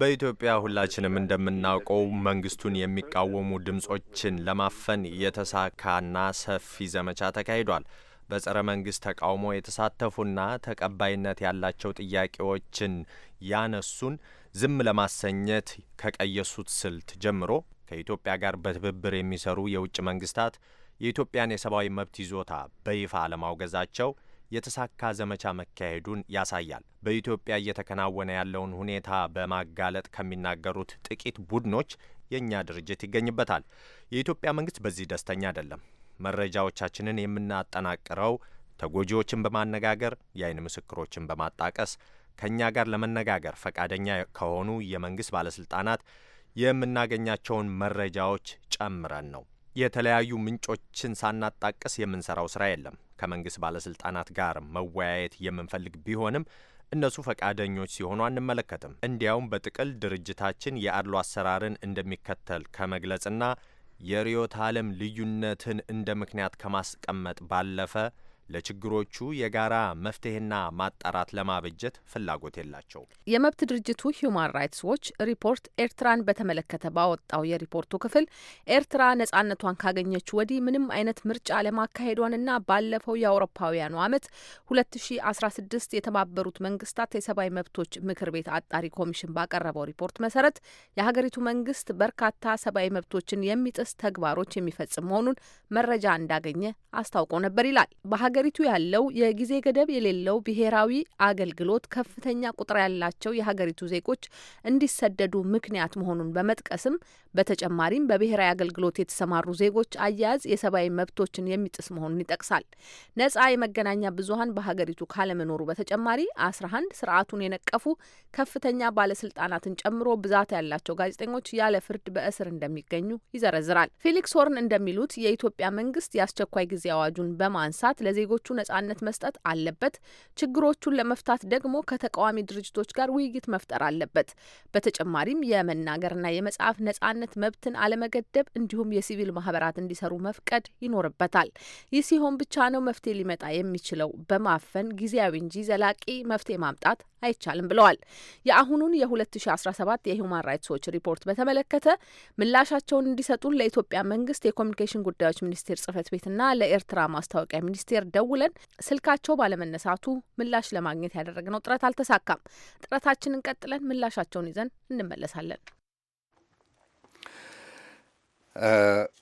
በኢትዮጵያ ሁላችንም እንደምናውቀው መንግስቱን የሚቃወሙ ድምጾችን ለማፈን የተሳካና ሰፊ ዘመቻ ተካሂዷል። በጸረ መንግስት ተቃውሞ የተሳተፉና ተቀባይነት ያላቸው ጥያቄዎችን ያነሱን ዝም ለማሰኘት ከቀየሱት ስልት ጀምሮ ከኢትዮጵያ ጋር በትብብር የሚሰሩ የውጭ መንግስታት የኢትዮጵያን የሰብአዊ መብት ይዞታ በይፋ አለማውገዛቸው የተሳካ ዘመቻ መካሄዱን ያሳያል። በኢትዮጵያ እየተከናወነ ያለውን ሁኔታ በማጋለጥ ከሚናገሩት ጥቂት ቡድኖች የእኛ ድርጅት ይገኝበታል። የኢትዮጵያ መንግስት በዚህ ደስተኛ አይደለም። መረጃዎቻችንን የምናጠናቅረው ተጎጂዎችን በማነጋገር የአይን ምስክሮችን በማጣቀስ ከእኛ ጋር ለመነጋገር ፈቃደኛ ከሆኑ የመንግስት ባለስልጣናት የምናገኛቸውን መረጃዎች ጨምረን ነው። የተለያዩ ምንጮችን ሳናጣቅስ የምንሰራው ስራ የለም። ከመንግስት ባለስልጣናት ጋር መወያየት የምንፈልግ ቢሆንም እነሱ ፈቃደኞች ሲሆኑ አንመለከትም። እንዲያውም በጥቅል ድርጅታችን የአድሎ አሰራርን እንደሚከተል ከመግለጽና የርዕዮተ ዓለም ልዩነትን እንደ ምክንያት ከማስቀመጥ ባለፈ ለችግሮቹ የጋራ መፍትሄና ማጣራት ለማበጀት ፍላጎት የላቸው። የመብት ድርጅቱ ሂዩማን ራይትስ ዎች ሪፖርት ኤርትራን በተመለከተ ባወጣው የሪፖርቱ ክፍል ኤርትራ ነጻነቷን ካገኘች ወዲህ ምንም አይነት ምርጫ ለማካሄዷንና ባለፈው የአውሮፓውያኑ ዓመት 2016 የተባበሩት መንግስታት የሰብአዊ መብቶች ምክር ቤት አጣሪ ኮሚሽን ባቀረበው ሪፖርት መሰረት የሀገሪቱ መንግስት በርካታ ሰብአዊ መብቶችን የሚጥስ ተግባሮች የሚፈጽም መሆኑን መረጃ እንዳገኘ አስታውቆ ነበር ይላል። በሀገሪቱ ያለው የጊዜ ገደብ የሌለው ብሔራዊ አገልግሎት ከፍተኛ ቁጥር ያላቸው የሀገሪቱ ዜጎች እንዲሰደዱ ምክንያት መሆኑን በመጥቀስም በተጨማሪም በብሔራዊ አገልግሎት የተሰማሩ ዜጎች አያያዝ የሰብአዊ መብቶችን የሚጥስ መሆኑን ይጠቅሳል። ነጻ የመገናኛ ብዙሀን በሀገሪቱ ካለመኖሩ በተጨማሪ አስራ አንድ ስርዓቱን የነቀፉ ከፍተኛ ባለስልጣናትን ጨምሮ ብዛት ያላቸው ጋዜጠኞች ያለ ፍርድ በእስር እንደሚገኙ ይዘረዝራል። ፊሊክስ ሆርን እንደሚሉት የኢትዮጵያ መንግስት የአስቸኳይ ጊዜ አዋጁን በማንሳት ለዜ ለዜጎቹ ነጻነት መስጠት አለበት። ችግሮቹን ለመፍታት ደግሞ ከተቃዋሚ ድርጅቶች ጋር ውይይት መፍጠር አለበት። በተጨማሪም የመናገርና የመጽሐፍ ነጻነት መብትን አለመገደብ፣ እንዲሁም የሲቪል ማህበራት እንዲሰሩ መፍቀድ ይኖርበታል። ይህ ሲሆን ብቻ ነው መፍትሄ ሊመጣ የሚችለው። በማፈን ጊዜያዊ እንጂ ዘላቂ መፍትሄ ማምጣት አይቻልም ብለዋል። የአሁኑን የ2017 የሁማን ራይትስ ዎች ሪፖርት በተመለከተ ምላሻቸውን እንዲሰጡን ለኢትዮጵያ መንግስት የኮሚኒኬሽን ጉዳዮች ሚኒስቴር ጽህፈት ቤትና ለኤርትራ ማስታወቂያ ሚኒስቴር ደውለን ስልካቸው ባለመነሳቱ ምላሽ ለማግኘት ያደረግነው ጥረት አልተሳካም። ጥረታችንን ቀጥለን ምላሻቸውን ይዘን እንመለሳለን።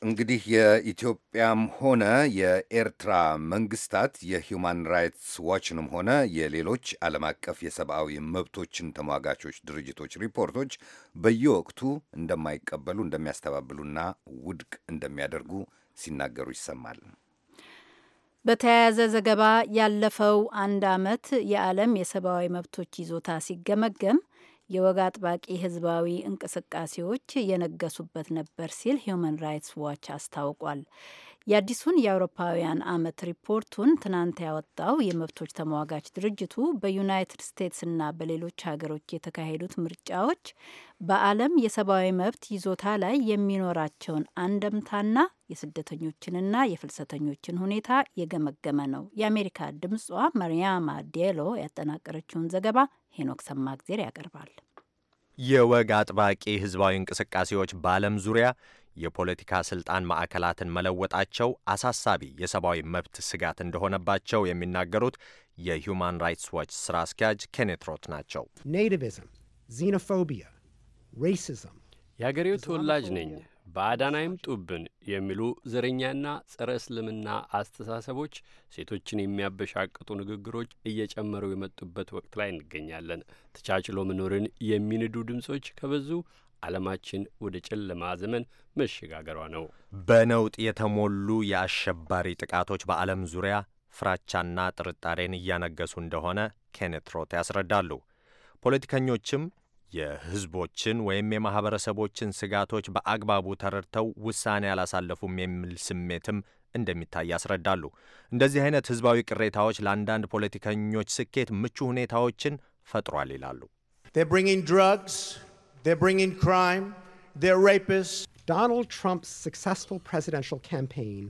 እንግዲህ የኢትዮጵያም ሆነ የኤርትራ መንግስታት የሂውማን ራይትስ ዋችንም ሆነ የሌሎች ዓለም አቀፍ የሰብአዊ መብቶችን ተሟጋቾች ድርጅቶች ሪፖርቶች በየወቅቱ እንደማይቀበሉ እንደሚያስተባብሉና ውድቅ እንደሚያደርጉ ሲናገሩ ይሰማል። በተያያዘ ዘገባ ያለፈው አንድ ዓመት የዓለም የሰብአዊ መብቶች ይዞታ ሲገመገም የወግ አጥባቂ ህዝባዊ እንቅስቃሴዎች የነገሱበት ነበር ሲል ሂዩማን ራይትስ ዋች አስታውቋል። የአዲሱን የአውሮፓውያን አመት ሪፖርቱን ትናንት ያወጣው የመብቶች ተሟጋች ድርጅቱ በዩናይትድ ስቴትስና በሌሎች ሀገሮች የተካሄዱት ምርጫዎች በዓለም የሰብአዊ መብት ይዞታ ላይ የሚኖራቸውን አንደምታና የስደተኞችንና የፍልሰተኞችን ሁኔታ የገመገመ ነው። የአሜሪካ ድምጿ መሪያማ ዴሎ ያጠናቀረችውን ዘገባ ሄኖክ ሰማግዜር ያቀርባል። የወግ አጥባቂ ህዝባዊ እንቅስቃሴዎች በዓለም ዙሪያ የፖለቲካ ስልጣን ማዕከላትን መለወጣቸው አሳሳቢ የሰብአዊ መብት ስጋት እንደሆነባቸው የሚናገሩት የሁማን ራይትስ ዋች ስራ አስኪያጅ ኬኔት ሮት ናቸው። ኔቲቪዝም፣ ዚኖፎቢያ፣ ሬሲዝም የአገሬው ተወላጅ ነኝ በአዳናይም ጡብን የሚሉ ዘረኛና ጸረ እስልምና አስተሳሰቦች ሴቶችን የሚያበሻቅጡ ንግግሮች እየጨመሩ የመጡበት ወቅት ላይ እንገኛለን። ተቻችሎ መኖርን የሚንዱ ድምጾች ከበዙ ዓለማችን ወደ ጨለማ ዘመን መሸጋገሯ ነው። በነውጥ የተሞሉ የአሸባሪ ጥቃቶች በዓለም ዙሪያ ፍራቻና ጥርጣሬን እያነገሱ እንደሆነ ኬኔት ሮት ያስረዳሉ። ፖለቲከኞችም የሕዝቦችን ወይም የማኅበረሰቦችን ስጋቶች በአግባቡ ተረድተው ውሳኔ አላሳለፉም የሚል ስሜትም እንደሚታይ ያስረዳሉ። እንደዚህ አይነት ሕዝባዊ ቅሬታዎች ለአንዳንድ ፖለቲከኞች ስኬት ምቹ ሁኔታዎችን ፈጥሯል ይላሉ። They're bringing crime, they're rapists. Donald Trump's successful presidential campaign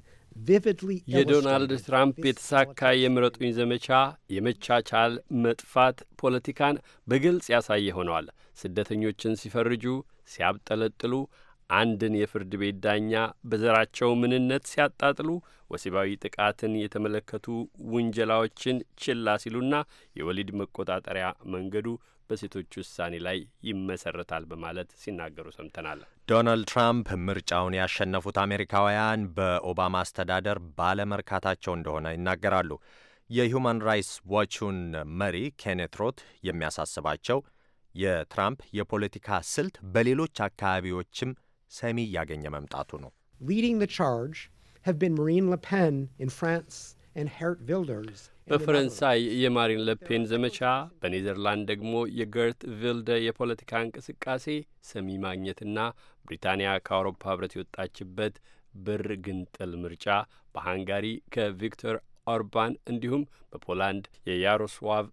የዶናልድ ትራምፕ የተሳካ የምረጡኝ ዘመቻ የመቻቻል መጥፋት ፖለቲካን በግልጽ ያሳየ ሆነዋል። ስደተኞችን ሲፈርጁ፣ ሲያብጠለጥሉ፣ አንድን የፍርድ ቤት ዳኛ በዘራቸው ምንነት ሲያጣጥሉ፣ ወሲባዊ ጥቃትን የተመለከቱ ውንጀላዎችን ችላ ሲሉና የወሊድ መቆጣጠሪያ መንገዱ በሴቶች ውሳኔ ላይ ይመሰረታል በማለት ሲናገሩ ሰምተናል። ዶናልድ ትራምፕ ምርጫውን ያሸነፉት አሜሪካውያን በኦባማ አስተዳደር ባለመርካታቸው እንደሆነ ይናገራሉ። የሁማን ራይትስ ዋቹን መሪ ኬኔት ሮት የሚያሳስባቸው የትራምፕ የፖለቲካ ስልት በሌሎች አካባቢዎችም ሰሚ እያገኘ መምጣቱ ነው። ሊዲንግ ቻርጅ ሃቭ ቢን ማሪን ለፔን ኢን ፍራንስ ኤንድ ሄርት ቪልደርስ በፈረንሳይ የማሪን ለፔን ዘመቻ፣ በኔዘርላንድ ደግሞ የገርት ቪልደ የፖለቲካ እንቅስቃሴ ሰሚ ማግኘትና ብሪታንያ ከአውሮፓ ህብረት የወጣችበት ብር ግንጥል ምርጫ በሃንጋሪ ከቪክቶር ኦርባን እንዲሁም በፖላንድ የያሮስዋቭ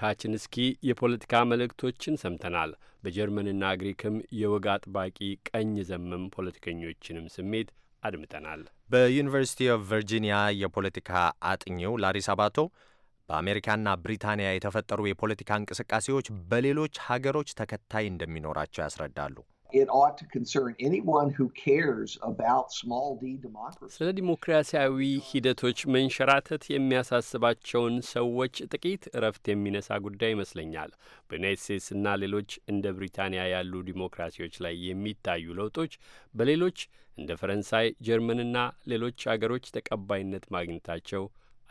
ካችንስኪ የፖለቲካ መልእክቶችን ሰምተናል። በጀርመንና ግሪክም የወግ አጥባቂ ቀኝ ዘመም ፖለቲከኞችንም ስሜት አድምጠናል። በዩኒቨርሲቲ ኦፍ ቨርጂኒያ የፖለቲካ አጥኚው ላሪ ሳባቶ በአሜሪካና ብሪታንያ የተፈጠሩ የፖለቲካ እንቅስቃሴዎች በሌሎች ሀገሮች ተከታይ እንደሚኖራቸው ያስረዳሉ። ስለ ዲሞክራሲያዊ ሂደቶች መንሸራተት የሚያሳስባቸውን ሰዎች ጥቂት እረፍት የሚነሳ ጉዳይ ይመስለኛል። በዩናይት ስቴትስና ሌሎች እንደ ብሪታንያ ያሉ ዲሞክራሲዎች ላይ የሚታዩ ለውጦች በሌሎች እንደ ፈረንሳይ፣ ጀርመንና ሌሎች አገሮች ተቀባይነት ማግኘታቸው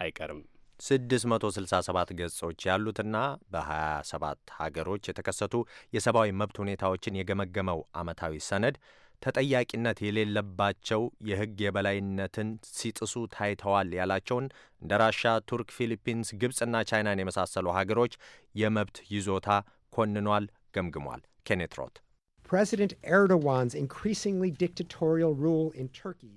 አይቀርም። 667 ገጾች ያሉትና በ27 ሀገሮች የተከሰቱ የሰብአዊ መብት ሁኔታዎችን የገመገመው ዓመታዊ ሰነድ ተጠያቂነት የሌለባቸው የሕግ የበላይነትን ሲጥሱ ታይተዋል ያላቸውን እንደ ራሻ፣ ቱርክ፣ ፊሊፒንስ፣ ግብፅና ቻይናን የመሳሰሉ ሀገሮች የመብት ይዞታ ኮንኗል፣ ገምግሟል። ኬኔት ሮት President Erdogan's increasingly dictatorial rule in Turkey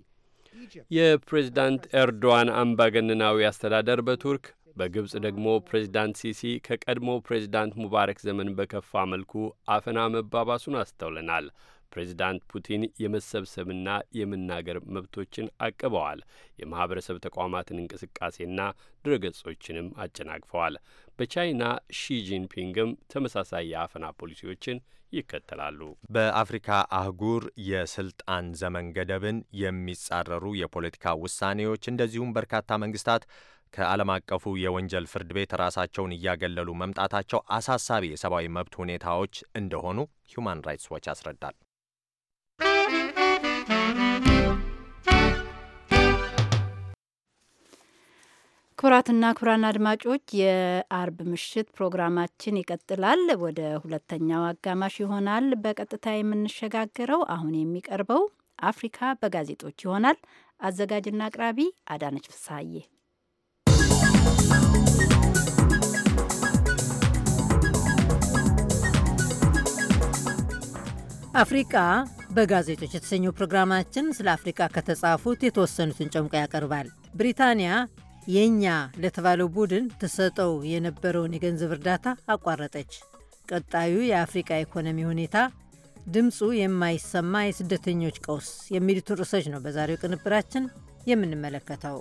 የፕሬዝዳንት ኤርዶዋን አምባገነናዊ አስተዳደር በቱርክ በግብጽ ደግሞ ፕሬዝዳንት ሲሲ ከቀድሞ ፕሬዝዳንት ሙባረክ ዘመን በከፋ መልኩ አፈና መባባሱን አስተውለናል። ፕሬዝዳንት ፑቲን የመሰብሰብና የመናገር መብቶችን አቅበዋል። የማኅበረሰብ ተቋማትን እንቅስቃሴና ድረገጾችንም አጨናግፈዋል። በቻይና ሺጂንፒንግም ተመሳሳይ የአፈና ፖሊሲዎችን ይከተላሉ። በአፍሪካ አህጉር የስልጣን ዘመን ገደብን የሚጻረሩ የፖለቲካ ውሳኔዎች እንደዚሁም በርካታ መንግስታት ከዓለም አቀፉ የወንጀል ፍርድ ቤት ራሳቸውን እያገለሉ መምጣታቸው አሳሳቢ የሰብአዊ መብት ሁኔታዎች እንደሆኑ ሁማን ራይትስ ዋች ያስረዳል። ክቡራትና ክቡራን አድማጮች የአርብ ምሽት ፕሮግራማችን ይቀጥላል። ወደ ሁለተኛው አጋማሽ ይሆናል በቀጥታ የምንሸጋገረው። አሁን የሚቀርበው አፍሪካ በጋዜጦች ይሆናል። አዘጋጅና አቅራቢ አዳነች ፍሳዬ። አፍሪቃ በጋዜጦች የተሰኘው ፕሮግራማችን ስለ አፍሪካ ከተጻፉት የተወሰኑትን ጨምቆ ያቀርባል። ብሪታንያ የእኛ ለተባለው ቡድን ትሰጠው የነበረውን የገንዘብ እርዳታ አቋረጠች። ቀጣዩ የአፍሪቃ ኢኮኖሚ ሁኔታ፣ ድምፁ የማይሰማ የስደተኞች ቀውስ የሚሉትን ርዕሶች ነው በዛሬው ቅንብራችን የምንመለከተው።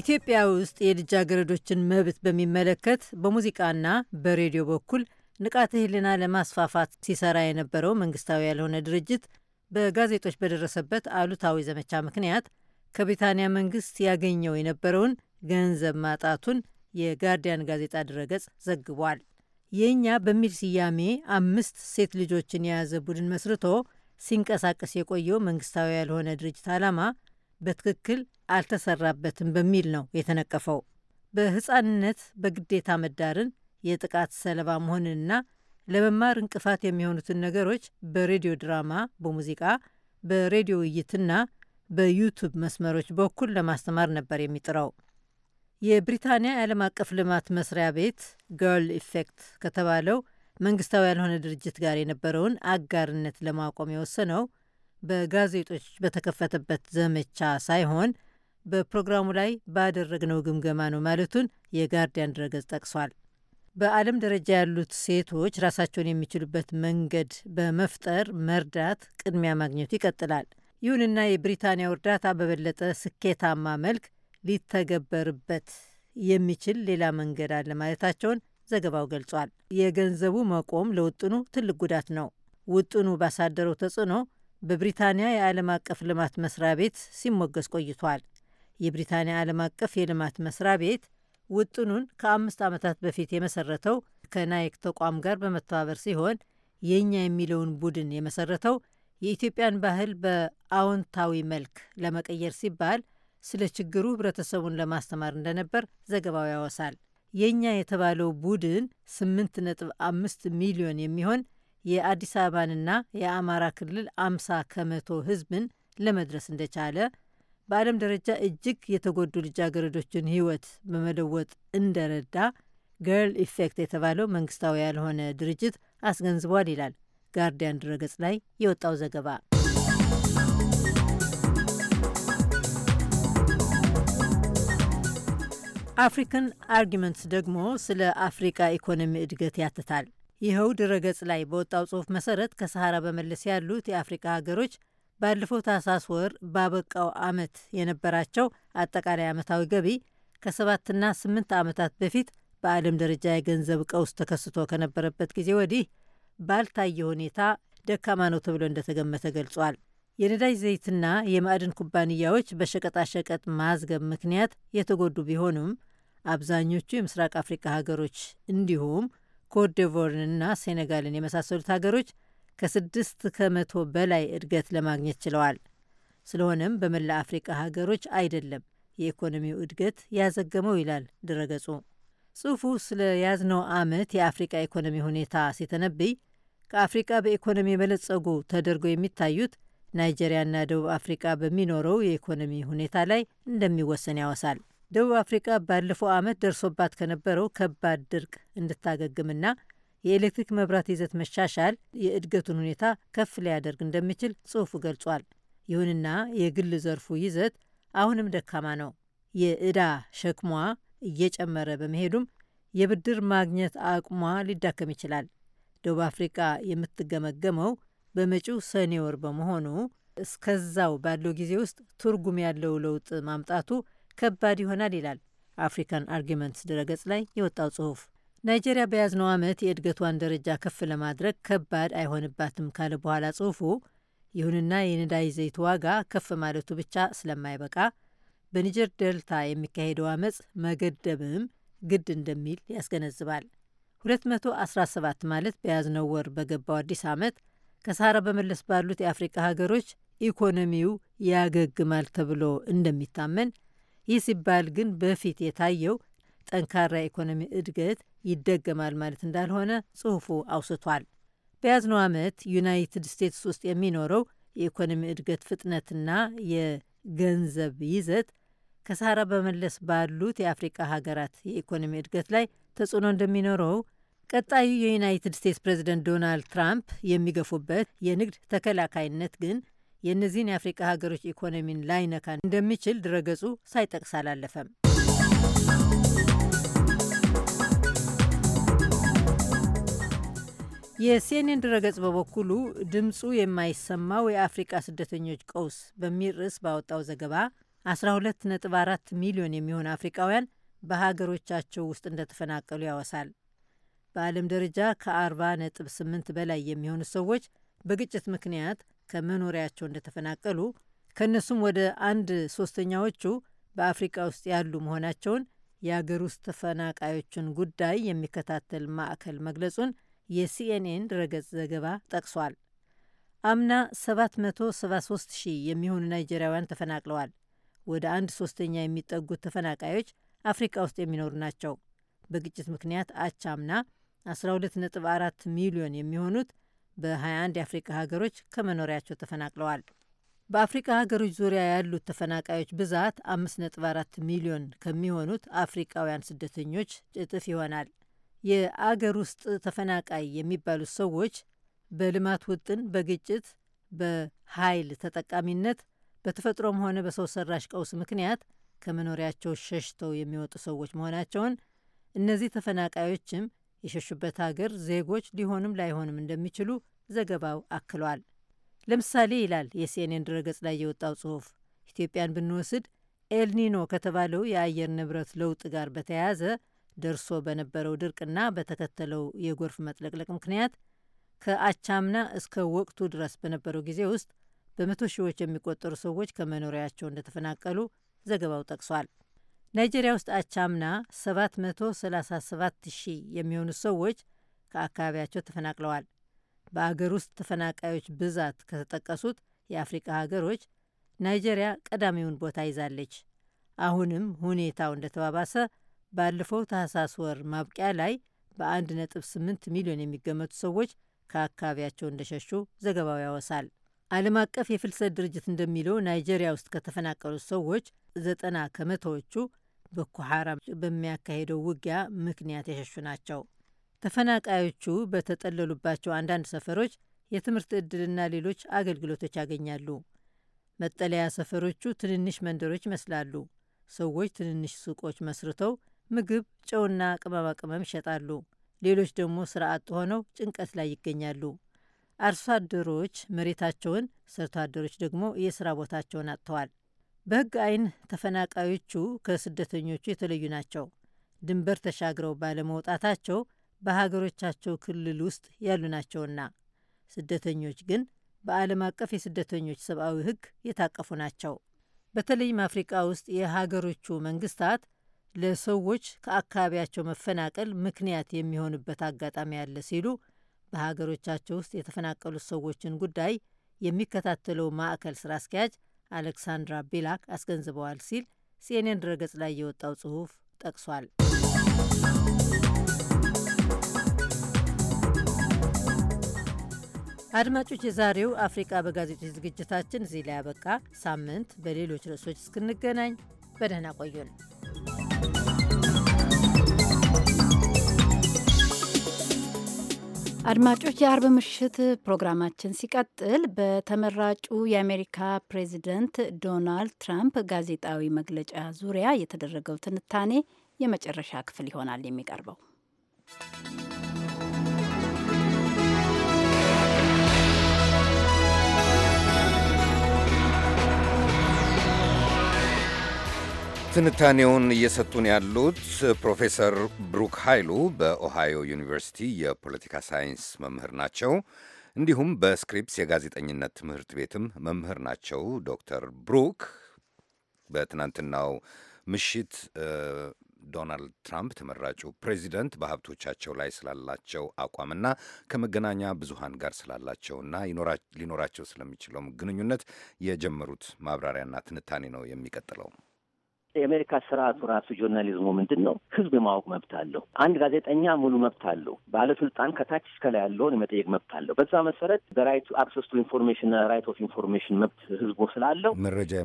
ኢትዮጵያ ውስጥ የልጃገረዶችን መብት በሚመለከት በሙዚቃና በሬዲዮ በኩል ንቃተ ሕሊና ለማስፋፋት ሲሰራ የነበረው መንግስታዊ ያልሆነ ድርጅት በጋዜጦች በደረሰበት አሉታዊ ዘመቻ ምክንያት ከብሪታንያ መንግስት ያገኘው የነበረውን ገንዘብ ማጣቱን የጋርዲያን ጋዜጣ ድረገጽ ዘግቧል። የእኛ በሚል ስያሜ አምስት ሴት ልጆችን የያዘ ቡድን መስርቶ ሲንቀሳቀስ የቆየው መንግስታዊ ያልሆነ ድርጅት ዓላማ በትክክል አልተሰራበትም በሚል ነው የተነቀፈው። በህፃንነት በግዴታ መዳርን፣ የጥቃት ሰለባ መሆንንና ለመማር እንቅፋት የሚሆኑትን ነገሮች በሬዲዮ ድራማ፣ በሙዚቃ፣ በሬዲዮ ውይይትና በዩቱብ መስመሮች በኩል ለማስተማር ነበር የሚጥረው። የብሪታንያ የዓለም አቀፍ ልማት መስሪያ ቤት ገርል ኢፌክት ከተባለው መንግስታዊ ያልሆነ ድርጅት ጋር የነበረውን አጋርነት ለማቆም የወሰነው በጋዜጦች በተከፈተበት ዘመቻ ሳይሆን በፕሮግራሙ ላይ ባደረግነው ግምገማ ነው ማለቱን የጋርዲያን ድረገጽ ጠቅሷል። በዓለም ደረጃ ያሉት ሴቶች ራሳቸውን የሚችሉበት መንገድ በመፍጠር መርዳት ቅድሚያ ማግኘቱ ይቀጥላል። ይሁንና የብሪታንያ እርዳታ በበለጠ ስኬታማ መልክ ሊተገበርበት የሚችል ሌላ መንገድ አለ ማለታቸውን ዘገባው ገልጿል። የገንዘቡ መቆም ለውጥኑ ትልቅ ጉዳት ነው። ውጥኑ ባሳደረው ተጽዕኖ በብሪታንያ የዓለም አቀፍ ልማት መስሪያ ቤት ሲሞገስ ቆይቷል። የብሪታንያ ዓለም አቀፍ የልማት መስሪያ ቤት ውጥኑን ከአምስት ዓመታት በፊት የመሰረተው ከናይክ ተቋም ጋር በመተባበር ሲሆን የእኛ የሚለውን ቡድን የመሰረተው የኢትዮጵያን ባህል በአዎንታዊ መልክ ለመቀየር ሲባል ስለ ችግሩ ህብረተሰቡን ለማስተማር እንደነበር ዘገባው ያወሳል። የእኛ የተባለው ቡድን አምስት ሚሊዮን የሚሆን የአዲስ አበባንና የአማራ ክልል አምሳ ከመቶ ህዝብን ለመድረስ እንደቻለ በዓለም ደረጃ እጅግ የተጎዱ ልጃገረዶችን ሕይወት በመለወጥ እንደረዳ ገርል ኢፌክት የተባለው መንግስታዊ ያልሆነ ድርጅት አስገንዝቧል ይላል ጋርዲያን ድረገጽ ላይ የወጣው ዘገባ። አፍሪካን አርጊመንትስ ደግሞ ስለ አፍሪቃ ኢኮኖሚ እድገት ያትታል። ይኸው ድረገጽ ላይ በወጣው ጽሑፍ መሰረት ከሰሃራ በመለስ ያሉት የአፍሪቃ ሀገሮች ባለፈው ታህሳስ ወር ባበቃው ዓመት የነበራቸው አጠቃላይ ዓመታዊ ገቢ ከሰባትና ስምንት ዓመታት በፊት በዓለም ደረጃ የገንዘብ ቀውስ ተከስቶ ከነበረበት ጊዜ ወዲህ ባልታየ ሁኔታ ደካማ ነው ተብሎ እንደተገመተ ገልጿል። የነዳጅ ዘይትና የማዕድን ኩባንያዎች በሸቀጣሸቀጥ ማዝገብ ምክንያት የተጎዱ ቢሆኑም አብዛኞቹ የምስራቅ አፍሪካ ሀገሮች እንዲሁም ኮትዲቯርንና ሴኔጋልን የመሳሰሉት ሀገሮች ከስድስት ከመቶ በላይ እድገት ለማግኘት ችለዋል። ስለሆነም በመላ አፍሪቃ ሀገሮች አይደለም የኢኮኖሚው እድገት ያዘገመው ይላል ድረገጹ። ጽሑፉ ስለ ያዝነው ዓመት የአፍሪቃ ኢኮኖሚ ሁኔታ ሲተነብይ ከአፍሪቃ በኢኮኖሚ የበለጸጉ ተደርጎ የሚታዩት ናይጄሪያና ደቡብ አፍሪቃ በሚኖረው የኢኮኖሚ ሁኔታ ላይ እንደሚወሰን ያወሳል። ደቡብ አፍሪቃ ባለፈው ዓመት ደርሶባት ከነበረው ከባድ ድርቅ እንድታገግምና የኤሌክትሪክ መብራት ይዘት መሻሻል የእድገቱን ሁኔታ ከፍ ሊያደርግ እንደሚችል ጽሑፉ ገልጿል። ይሁንና የግል ዘርፉ ይዘት አሁንም ደካማ ነው። የዕዳ ሸክሟ እየጨመረ በመሄዱም የብድር ማግኘት አቅሟ ሊዳከም ይችላል። ደቡብ አፍሪቃ የምትገመገመው በመጪው ሰኔ ወር በመሆኑ እስከዛው ባለው ጊዜ ውስጥ ትርጉም ያለው ለውጥ ማምጣቱ ከባድ ይሆናል ይላል አፍሪካን አርጊመንትስ ድረገጽ ላይ የወጣው ጽሑፍ። ናይጄሪያ በያዝነው ዓመት የእድገቷን ደረጃ ከፍ ለማድረግ ከባድ አይሆንባትም ካለ በኋላ ጽሑፉ ይሁንና የነዳጅ ዘይት ዋጋ ከፍ ማለቱ ብቻ ስለማይበቃ በኒጀር ዴልታ የሚካሄደው አመፅ መገደብም ግድ እንደሚል ያስገነዝባል። 217 ማለት በያዝነው ወር በገባው አዲስ ዓመት ከሳራ በመለስ ባሉት የአፍሪቃ ሀገሮች ኢኮኖሚው ያገግማል ተብሎ እንደሚታመን፣ ይህ ሲባል ግን በፊት የታየው ጠንካራ ኢኮኖሚ እድገት ይደገማል ማለት እንዳልሆነ ጽሑፉ አውስቷል። በያዝነው ዓመት ዩናይትድ ስቴትስ ውስጥ የሚኖረው የኢኮኖሚ እድገት ፍጥነትና የገንዘብ ይዘት ከሰሃራ በመለስ ባሉት የአፍሪቃ ሀገራት የኢኮኖሚ እድገት ላይ ተጽዕኖ እንደሚኖረው ቀጣዩ የዩናይትድ ስቴትስ ፕሬዚደንት ዶናልድ ትራምፕ የሚገፉበት የንግድ ተከላካይነት ግን የእነዚህን የአፍሪቃ ሀገሮች ኢኮኖሚን ላይነካ እንደሚችል ድረገጹ ሳይጠቅስ አላለፈም። የሲኤንኤን ድረገጽ በበኩሉ ድምፁ የማይሰማው የአፍሪቃ ስደተኞች ቀውስ በሚል ርዕስ ባወጣው ዘገባ 12.4 ሚሊዮን የሚሆን አፍሪቃውያን በሀገሮቻቸው ውስጥ እንደተፈናቀሉ ያወሳል። በዓለም ደረጃ ከ40.8 በላይ የሚሆኑ ሰዎች በግጭት ምክንያት ከመኖሪያቸው እንደተፈናቀሉ፣ ከእነሱም ወደ አንድ ሶስተኛዎቹ በአፍሪቃ ውስጥ ያሉ መሆናቸውን የአገር ውስጥ ተፈናቃዮችን ጉዳይ የሚከታተል ማዕከል መግለጹን የሲኤንኤን ድረገጽ ዘገባ ጠቅሷል። አምና 773 ሺህ የሚሆኑ ናይጄሪያውያን ተፈናቅለዋል። ወደ አንድ ሶስተኛ የሚጠጉት ተፈናቃዮች አፍሪካ ውስጥ የሚኖሩ ናቸው። በግጭት ምክንያት አቻምና 12.4 ሚሊዮን የሚሆኑት በ21 የአፍሪካ ሀገሮች ከመኖሪያቸው ተፈናቅለዋል። በአፍሪካ ሀገሮች ዙሪያ ያሉት ተፈናቃዮች ብዛት 5.4 ሚሊዮን ከሚሆኑት አፍሪካውያን ስደተኞች እጥፍ ይሆናል። የአገር ውስጥ ተፈናቃይ የሚባሉት ሰዎች በልማት ውጥን፣ በግጭት፣ በኃይል ተጠቃሚነት፣ በተፈጥሮም ሆነ በሰው ሰራሽ ቀውስ ምክንያት ከመኖሪያቸው ሸሽተው የሚወጡ ሰዎች መሆናቸውን እነዚህ ተፈናቃዮችም የሸሹበት ሀገር ዜጎች ሊሆኑም ላይሆንም እንደሚችሉ ዘገባው አክሏል። ለምሳሌ ይላል የሲኤንኤን ድረገጽ ላይ የወጣው ጽሑፍ ኢትዮጵያን ብንወስድ ኤልኒኖ ከተባለው የአየር ንብረት ለውጥ ጋር በተያያዘ ደርሶ በነበረው ድርቅና በተከተለው የጎርፍ መጥለቅለቅ ምክንያት ከአቻምና እስከ ወቅቱ ድረስ በነበረው ጊዜ ውስጥ በመቶ ሺዎች የሚቆጠሩ ሰዎች ከመኖሪያቸው እንደተፈናቀሉ ዘገባው ጠቅሷል። ናይጄሪያ ውስጥ አቻምና 737 ሺህ የሚሆኑ ሰዎች ከአካባቢያቸው ተፈናቅለዋል። በአገር ውስጥ ተፈናቃዮች ብዛት ከተጠቀሱት የአፍሪቃ ሀገሮች ናይጄሪያ ቀዳሚውን ቦታ ይዛለች። አሁንም ሁኔታው እንደተባባሰ ባለፈው ታህሳስ ወር ማብቂያ ላይ በ1.8 ሚሊዮን የሚገመቱ ሰዎች ከአካባቢያቸው እንደሸሹ ዘገባው ያወሳል። ዓለም አቀፍ የፍልሰት ድርጅት እንደሚለው ናይጄሪያ ውስጥ ከተፈናቀሉት ሰዎች ዘጠና ከመቶዎቹ ቦኮ ሐራም በሚያካሄደው ውጊያ ምክንያት የሸሹ ናቸው። ተፈናቃዮቹ በተጠለሉባቸው አንዳንድ ሰፈሮች የትምህርት ዕድልና ሌሎች አገልግሎቶች ያገኛሉ። መጠለያ ሰፈሮቹ ትንንሽ መንደሮች ይመስላሉ። ሰዎች ትንንሽ ሱቆች መስርተው ምግብ፣ ጨውና ቅመማ ቅመም ይሸጣሉ። ሌሎች ደግሞ ስራ አጥ ሆነው ጭንቀት ላይ ይገኛሉ። አርሶ አደሮች መሬታቸውን፣ ሰርቶ አደሮች ደግሞ የስራ ቦታቸውን አጥተዋል። በህግ አይን ተፈናቃዮቹ ከስደተኞቹ የተለዩ ናቸው። ድንበር ተሻግረው ባለመውጣታቸው በሀገሮቻቸው ክልል ውስጥ ያሉ ናቸውና። ስደተኞች ግን በዓለም አቀፍ የስደተኞች ሰብአዊ ሕግ የታቀፉ ናቸው። በተለይም አፍሪቃ ውስጥ የሀገሮቹ መንግስታት ለሰዎች ከአካባቢያቸው መፈናቀል ምክንያት የሚሆንበት አጋጣሚ አለ ሲሉ በሀገሮቻቸው ውስጥ የተፈናቀሉት ሰዎችን ጉዳይ የሚከታተለው ማዕከል ስራ አስኪያጅ አሌክሳንድራ ቢላክ አስገንዝበዋል ሲል ሲኤንኤን ድረገጽ ላይ የወጣው ጽሑፍ ጠቅሷል። አድማጮች፣ የዛሬው አፍሪቃ በጋዜጦች ዝግጅታችን እዚህ ላይ ያበቃ። ሳምንት በሌሎች ርዕሶች እስክንገናኝ በደህና ቆዩን። አድማጮች የአርብ ምሽት ፕሮግራማችን ሲቀጥል በተመራጩ የአሜሪካ ፕሬዚደንት ዶናልድ ትራምፕ ጋዜጣዊ መግለጫ ዙሪያ የተደረገው ትንታኔ የመጨረሻ ክፍል ይሆናል የሚቀርበው። ትንታኔውን እየሰጡን ያሉት ፕሮፌሰር ብሩክ ኃይሉ በኦሃዮ ዩኒቨርሲቲ የፖለቲካ ሳይንስ መምህር ናቸው። እንዲሁም በስክሪፕስ የጋዜጠኝነት ትምህርት ቤትም መምህር ናቸው። ዶክተር ብሩክ በትናንትናው ምሽት ዶናልድ ትራምፕ ተመራጩ ፕሬዚደንት በሀብቶቻቸው ላይ ስላላቸው አቋምና ከመገናኛ ብዙሃን ጋር ስላላቸውና ሊኖራቸው ስለሚችለውም ግንኙነት የጀመሩት ማብራሪያና ትንታኔ ነው የሚቀጥለው። የአሜሪካ ስርዓቱ ራሱ ጆርናሊዝሙ ምንድን ነው? ህዝብ የማወቅ መብት አለው። አንድ ጋዜጠኛ ሙሉ መብት አለው። ባለስልጣን ከታች ላይ ያለውን የመጠየቅ መብት አለው። በዛ መሰረት በራይቱ አክሰስ ቱ ኢንፎርሜሽን ራይት ኦፍ ኢንፎርሜሽን መብት ህዝቡ ስላለው መረጃ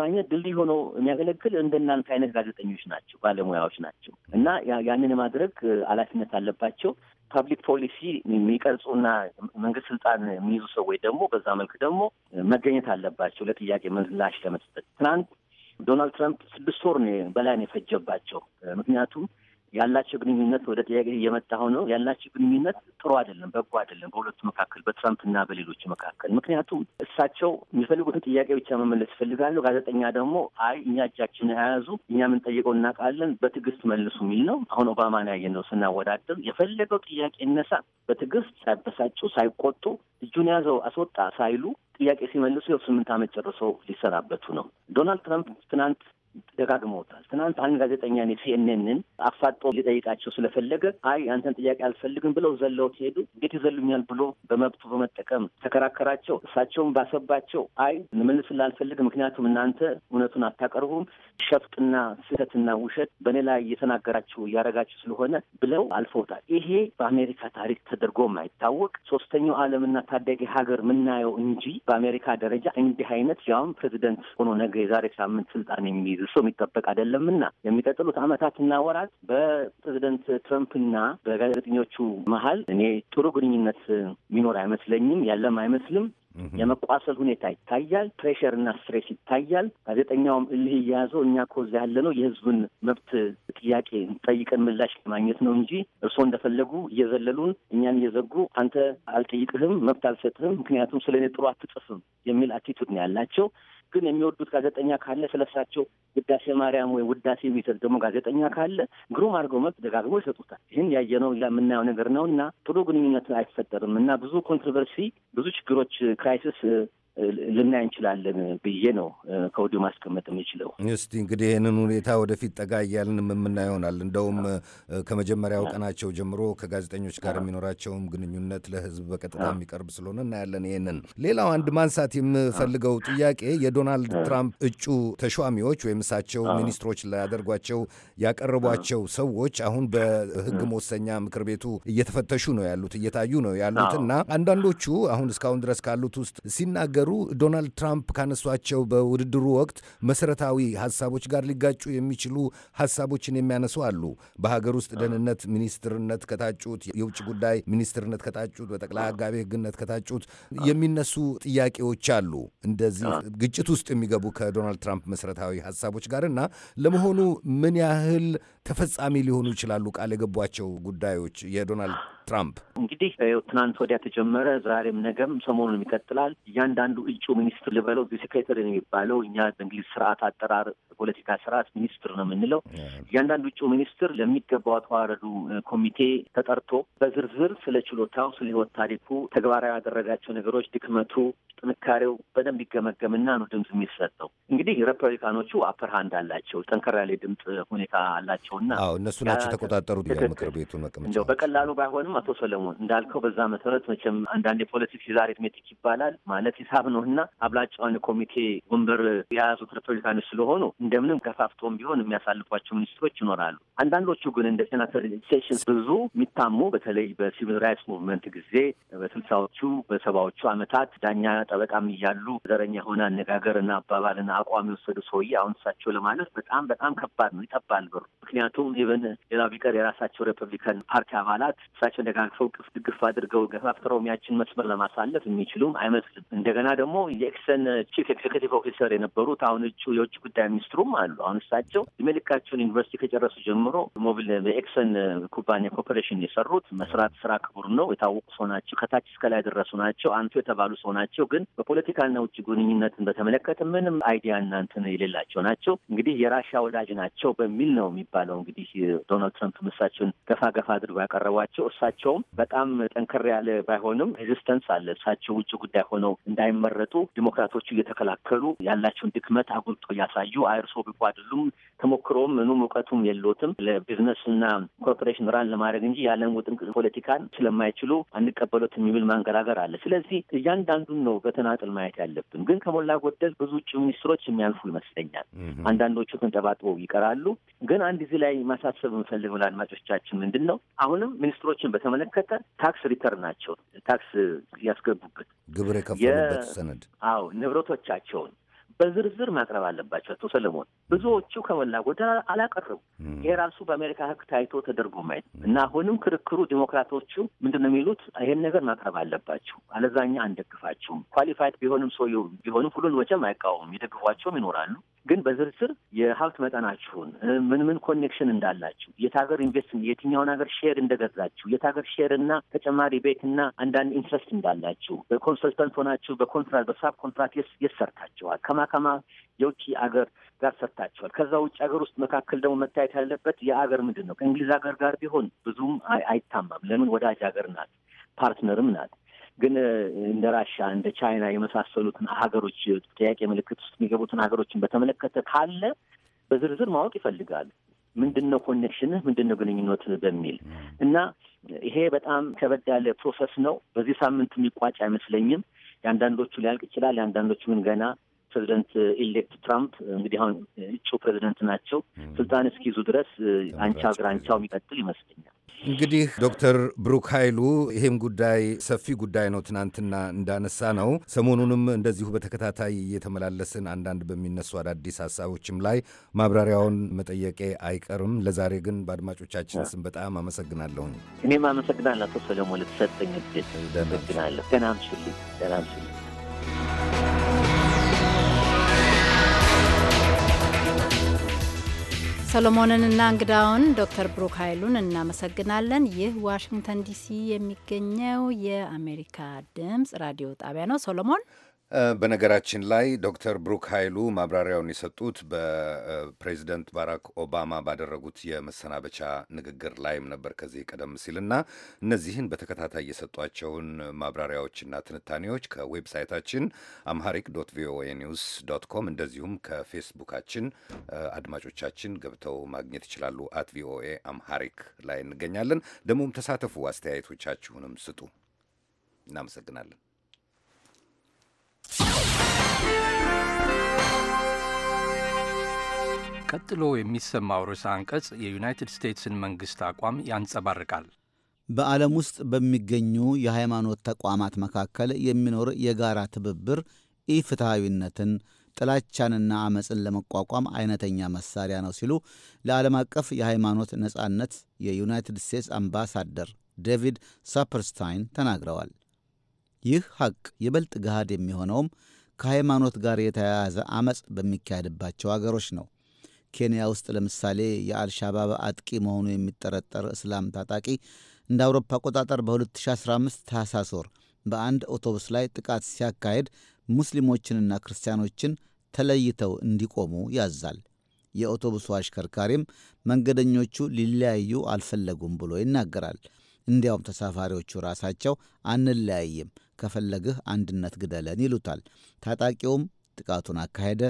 ማግኘት ድልድይ ሆኖ የሚያገለግል እንደናንተ አይነት ጋዜጠኞች ናቸው፣ ባለሙያዎች ናቸው እና ያንን የማድረግ ኃላፊነት አለባቸው። ፐብሊክ ፖሊሲ የሚቀርጹና መንግስት ስልጣን የሚይዙ ሰዎች ደግሞ በዛ መልክ ደግሞ መገኘት አለባቸው ለጥያቄ ምላሽ ለመስጠት ትናንት ዶናልድ ትራምፕ ስድስት ወር በላይ ነው የፈጀባቸው። ምክንያቱም ያላቸው ግንኙነት ወደ ጥያቄ እየመጣ ነው። ያላቸው ግንኙነት ጥሩ አይደለም፣ በጎ አይደለም በሁለቱ መካከል በትራምፕና በሌሎች መካከል። ምክንያቱም እሳቸው የሚፈልጉትን ጥያቄ ብቻ መመለስ ይፈልጋሉ። ጋዜጠኛ ደግሞ አይ እኛ እጃችን የያዙ እኛ የምንጠይቀው እናውቃለን፣ በትዕግስት መልሱ የሚል ነው። አሁን ኦባማን ያየነው ስናወዳደር የፈለገው ጥያቄ ይነሳ፣ በትዕግስት ሳይበሳጩ ሳይቆጡ እጁን ያዘው አስወጣ ሳይሉ ጥያቄ ሲመልሱ ስምንት ዓመት ጨርሰው ሊሰናበቱ ነው። ዶናልድ ትራምፕ ትናንት ደጋግመውታል። ትናንት አንድ ጋዜጠኛ ኔ ሲኤንኤንን አፋጦ ሊጠይቃቸው ስለፈለገ አይ አንተን ጥያቄ አልፈልግም ብለው ዘለው ሲሄዱ እንዴት ይዘሉኛል ብሎ በመብቱ በመጠቀም ተከራከራቸው። እሳቸውም ባሰባቸው አይ ምልስ ላልፈልግ ምክንያቱም እናንተ እውነቱን አታቀርቡም፣ ሸፍጥና ስህተትና ውሸት በእኔ ላይ እየተናገራችሁ እያደረጋችሁ ስለሆነ ብለው አልፈውታል። ይሄ በአሜሪካ ታሪክ ተደርጎ የማይታወቅ ሶስተኛው ዓለምና ታዳጊ ሀገር ምናየው እንጂ በአሜሪካ ደረጃ እንዲህ አይነት ያውም ፕሬዚደንት ሆኖ ነገ የዛሬ ሳምንት ስልጣን የሚይዝ እሱ የሚጠበቅ አይደለምና የሚቀጥሉት አመታትና ወራት በፕሬዚደንት ትረምፕና በጋዜጠኞቹ መሀል እኔ ጥሩ ግንኙነት የሚኖር አይመስለኝም፣ ያለም አይመስልም። የመቋሰል ሁኔታ ይታያል። ፕሬሽር እና ስትሬስ ይታያል። ጋዜጠኛውም እልህ እየያዘው እኛ እኮ እዛ ያለ ነው የህዝብን መብት ጥያቄ ጠይቀን ምላሽ ለማግኘት ነው እንጂ እርስዎ እንደፈለጉ እየዘለሉን እኛን እየዘጉ አንተ አልጠይቅህም፣ መብት አልሰጥህም፣ ምክንያቱም ስለ እኔ ጥሩ አትጽፍም የሚል አቲቱድ ነው ያላቸው። ግን የሚወዱት ጋዜጠኛ ካለ ስለሳቸው ውዳሴ ማርያም ወይም ውዳሴ የሚሰጥ ደግሞ ጋዜጠኛ ካለ ግሩም አድርገው መብት ደጋግሞ ይሰጡታል። ይህን ያየነው የምናየው ነገር ነው እና ጥሩ ግንኙነት አይፈጠርም እና ብዙ ኮንትሮቨርሲ ብዙ ችግሮች ክራይሲስ ልናይ እንችላለን ብዬ ነው ከወዲሁ ማስቀመጥ የምችለው። እስቲ እንግዲህ ይህንን ሁኔታ ወደፊት ጠጋ እያልን የምና ይሆናል። እንደውም ከመጀመሪያው ቀናቸው ጀምሮ ከጋዜጠኞች ጋር የሚኖራቸውም ግንኙነት ለህዝብ በቀጥታ የሚቀርብ ስለሆነ እናያለን። ይህንን ሌላው አንድ ማንሳት የምፈልገው ጥያቄ የዶናልድ ትራምፕ እጩ ተሿሚዎች ወይም እሳቸው ሚኒስትሮች ላያደርጓቸው ያቀረቧቸው ሰዎች አሁን በህግ መወሰኛ ምክር ቤቱ እየተፈተሹ ነው ያሉት እየታዩ ነው ያሉት እና አንዳንዶቹ አሁን እስካሁን ድረስ ካሉት ውስጥ ሲናገ ሲናገሩ ዶናልድ ትራምፕ ካነሷቸው በውድድሩ ወቅት መሰረታዊ ሀሳቦች ጋር ሊጋጩ የሚችሉ ሀሳቦችን የሚያነሱ አሉ። በሀገር ውስጥ ደህንነት ሚኒስትርነት ከታጩት፣ የውጭ ጉዳይ ሚኒስትርነት ከታጩት፣ በጠቅላይ አጋቤ ህግነት ከታጩት የሚነሱ ጥያቄዎች አሉ እንደዚህ ግጭት ውስጥ የሚገቡ ከዶናልድ ትራምፕ መሰረታዊ ሀሳቦች ጋር እና ለመሆኑ ምን ያህል ተፈጻሚ ሊሆኑ ይችላሉ ቃል የገቧቸው ጉዳዮች የዶናልድ ትራምፕ እንግዲህ ትናንት ወዲያ ተጀመረ፣ ዛሬም ነገም ሰሞኑን ይቀጥላል። እያንዳንዱ አንዱ እጩ ሚኒስትር ልበለው ሴክሬተሪ ነው የሚባለው። እኛ በእንግሊዝ ስርዓት አጠራር ፖለቲካ ስርዓት ሚኒስትር ነው የምንለው። እያንዳንዱ እጩ ሚኒስትር ለሚገባው አተዋረዱ ኮሚቴ ተጠርቶ በዝርዝር ስለ ችሎታው፣ ስለ ህይወት ታሪኩ፣ ተግባራዊ ያደረጋቸው ነገሮች፣ ድክመቱ፣ ጥንካሬው በደንብ ይገመገምና ነው ድምፅ የሚሰጠው። እንግዲህ ሪፐብሊካኖቹ አፐር ሃንድ አላቸው፣ ጠንከር ያለ ድምፅ ሁኔታ አላቸውና እነሱ ናቸው ተቆጣጠሩ ምክር ቤቱን መቀመጫ በቀላሉ ባይሆንም አቶ ሰለሞን እንዳልከው በዛ መሰረት መቼም አንዳንድ የፖለቲክስ የዛሬ ሜቲክ ይባላል ማለት ሂሳብ ሀሳብ ነው እና አብላጫውን ኮሚቴ ወንበር የያዙት ሪፐብሊካኖች ስለሆኑ እንደምንም ከፋፍቶም ቢሆን የሚያሳልፏቸው ሚኒስትሮች ይኖራሉ። አንዳንዶቹ ግን እንደ ሴናተር ሴሽንስ ብዙ የሚታሙ በተለይ በሲቪል ራይትስ ሙቭመንት ጊዜ በስልሳዎቹ በሰባዎቹ አመታት ዳኛ ጠበቃም እያሉ ዘረኛ የሆነ አነጋገርና አባባልና አቋም የወሰዱ ሰውዬ አሁን እሳቸው ለማለት በጣም በጣም ከባድ ነው፣ ይጠባል ብሩ ምክንያቱም ኢቨን ሌላው ቢቀር የራሳቸው ሪፐብሊካን ፓርቲ አባላት እሳቸው ደጋግፈው ቅፍ ድግፍ አድርገው ገፋፍተረው ያችን መስመር ለማሳለፍ የሚችሉም አይመስልም። እንደገና ደግሞ የኤክሰን ቺፍ ኤክዜክቲቭ ኦፊሰር የነበሩት አሁን እጩ የውጭ ጉዳይ ሚኒስትሩም አሉ። አሁን እሳቸው የመልካቸውን ዩኒቨርሲቲ ከጨረሱ ጀምሮ ሞቢል በኤክሰን ኩባንያ ኮርፖሬሽን የሰሩት መስራት ስራ ክቡር ነው የታወቁ ሰው ናቸው። ከታች እስከ ላይ ደረሱ ናቸው። አንቱ የተባሉ ሰው ናቸው። ግን በፖለቲካና ውጭ ግንኙነትን በተመለከተ ምንም አይዲያ እናንትን የሌላቸው ናቸው። እንግዲህ የራሻ ወዳጅ ናቸው በሚል ነው የሚባለው። እንግዲህ ዶናልድ ትራምፕ እሳቸውን ገፋ ገፋ አድርጎ ያቀረቧቸው እሳቸውም በጣም ጠንከር ያለ ባይሆንም ሬዚስተንስ አለ። እሳቸው ውጭ ጉዳይ ሆነው እንዳይ እየመረጡ ዲሞክራቶቹ እየተከላከሉ ያላቸውን ድክመት አጉልጦ እያሳዩ አይርሶ ብቁ አይደሉም፣ ተሞክሮም ምኑም እውቀቱም የለትም ለቢዝነስ ለቢዝነስና ኮርፖሬሽን ራን ለማድረግ እንጂ ያለን ውጥንቅ ፖለቲካን ስለማይችሉ አንቀበሎት የሚብል ማንገራገር አለ። ስለዚህ እያንዳንዱን ነው በተናጥል ማየት ያለብን። ግን ከሞላ ጎደል ብዙ ውጭ ሚኒስትሮች የሚያልፉ ይመስለኛል። አንዳንዶቹ ተንጠባጥበው ይቀራሉ። ግን አንድ እዚህ ላይ ማሳሰብ የምፈልገው ለአድማጮቻችን ምንድን ነው አሁንም ሚኒስትሮችን በተመለከተ ታክስ ሪተር ናቸው ታክስ ያስገቡበት ግብር የከፈሉበት ሰነድ አዎ ንብረቶቻቸውን በዝርዝር ማቅረብ አለባቸው። አቶ ሰለሞን ብዙዎቹ ከሞላ ጎደል አላቀረቡ። ይሄ ራሱ በአሜሪካ ሕግ ታይቶ ተደርጎ ማየት እና አሁንም ክርክሩ ዲሞክራቶቹ ምንድን ነው የሚሉት ይሄን ነገር ማቅረብ አለባቸው፣ አለዛኛ አንደግፋቸውም። ኳሊፋይድ ቢሆንም ሰው ቢሆንም ሁሉን መቼም አይቃወሙም፣ ይደግፏቸውም ይኖራሉ። ግን በዝርዝር የሀብት መጠናችሁን ምን ምን ኮኔክሽን እንዳላችሁ፣ የት ሀገር ኢንቨስት የትኛውን ሀገር ሼር እንደገዛችሁ፣ የት ሀገር ሼር እና ተጨማሪ ቤትና አንዳንድ ኢንትረስት እንዳላችሁ፣ በኮንሰልተንት ሆናችሁ በኮንትራት በሳብ ኮንትራት የት ሰርታችኋል፣ ከማከማ የውጭ ሀገር ጋር ሰርታችኋል። ከዛ ውጭ ሀገር ውስጥ መካከል ደግሞ መታየት ያለበት የሀገር ምንድን ነው። ከእንግሊዝ ሀገር ጋር ቢሆን ብዙም አይታማም። ለምን ወዳጅ ሀገር ናት፣ ፓርትነርም ናት። ግን እንደ ራሻ እንደ ቻይና የመሳሰሉትን ሀገሮች ጥያቄ ምልክት ውስጥ የሚገቡትን ሀገሮችን በተመለከተ ካለ በዝርዝር ማወቅ ይፈልጋል። ምንድን ነው ኮኔክሽንህ፣ ምንድን ነው ግንኙነት በሚል እና ይሄ በጣም ከበድ ያለ ፕሮሰስ ነው። በዚህ ሳምንት የሚቋጭ አይመስለኝም። የአንዳንዶቹ ሊያልቅ ይችላል። የአንዳንዶቹ ግን ገና ፕሬዚደንት ኢሌክት ትራምፕ እንግዲህ አሁን እጩ ፕሬዚደንት ናቸው። ስልጣን እስኪይዙ ድረስ አንቻ እግር አንቻው የሚቀጥል ይመስለኛል። እንግዲህ ዶክተር ብሩክ ኃይሉ ይሄም ጉዳይ ሰፊ ጉዳይ ነው። ትናንትና እንዳነሳ ነው። ሰሞኑንም እንደዚሁ በተከታታይ እየተመላለስን አንዳንድ በሚነሱ አዳዲስ ሀሳቦችም ላይ ማብራሪያውን መጠየቄ አይቀርም። ለዛሬ ግን በአድማጮቻችን ስም በጣም አመሰግናለሁኝ። እኔም አመሰግናለሁ አቶ ሰለሞን ለተሰጠኝ እድል። አመሰግናለሁ። ገናም ሰሎሞንንና እንግዳውን ዶክተር ብሩክ ኃይሉን እናመሰግናለን። ይህ ዋሽንግተን ዲሲ የሚገኘው የአሜሪካ ድምፅ ራዲዮ ጣቢያ ነው። ሰሎሞን በነገራችን ላይ ዶክተር ብሩክ ኃይሉ ማብራሪያውን የሰጡት በፕሬዚደንት ባራክ ኦባማ ባደረጉት የመሰናበቻ ንግግር ላይም ነበር ከዚህ ቀደም ሲልና እነዚህን በተከታታይ የሰጧቸውን ማብራሪያዎችና ትንታኔዎች ከዌብሳይታችን አምሃሪክ ዶት ቪኦኤ ኒውስ ዶት ኮም እንደዚሁም ከፌስቡካችን አድማጮቻችን ገብተው ማግኘት ይችላሉ። አት ቪኦኤ አምሃሪክ ላይ እንገኛለን። ደግሞም ተሳተፉ፣ አስተያየቶቻችሁንም ስጡ። እናመሰግናለን። ቀጥሎ የሚሰማው ርዕሰ አንቀጽ የዩናይትድ ስቴትስን መንግሥት አቋም ያንጸባርቃል። በዓለም ውስጥ በሚገኙ የሃይማኖት ተቋማት መካከል የሚኖር የጋራ ትብብር ኢፍትሐዊነትን፣ ጥላቻንና ዓመፅን ለመቋቋም አይነተኛ መሳሪያ ነው ሲሉ ለዓለም አቀፍ የሃይማኖት ነጻነት የዩናይትድ ስቴትስ አምባሳደር ዴቪድ ሳፐርስታይን ተናግረዋል። ይህ ሐቅ ይበልጥ ገሃድ የሚሆነውም ከሃይማኖት ጋር የተያያዘ አመፅ በሚካሄድባቸው አገሮች ነው። ኬንያ ውስጥ ለምሳሌ የአልሻባብ አጥቂ መሆኑ የሚጠረጠር እስላም ታጣቂ እንደ አውሮፓ አቆጣጠር በ2015 ታህሳስ ወር በአንድ አውቶቡስ ላይ ጥቃት ሲያካሄድ ሙስሊሞችንና ክርስቲያኖችን ተለይተው እንዲቆሙ ያዛል። የአውቶቡሱ አሽከርካሪም መንገደኞቹ ሊለያዩ አልፈለጉም ብሎ ይናገራል። እንዲያውም ተሳፋሪዎቹ ራሳቸው አንለያይም፣ ከፈለግህ አንድነት ግደለን ይሉታል። ታጣቂውም ጥቃቱን አካሄደ።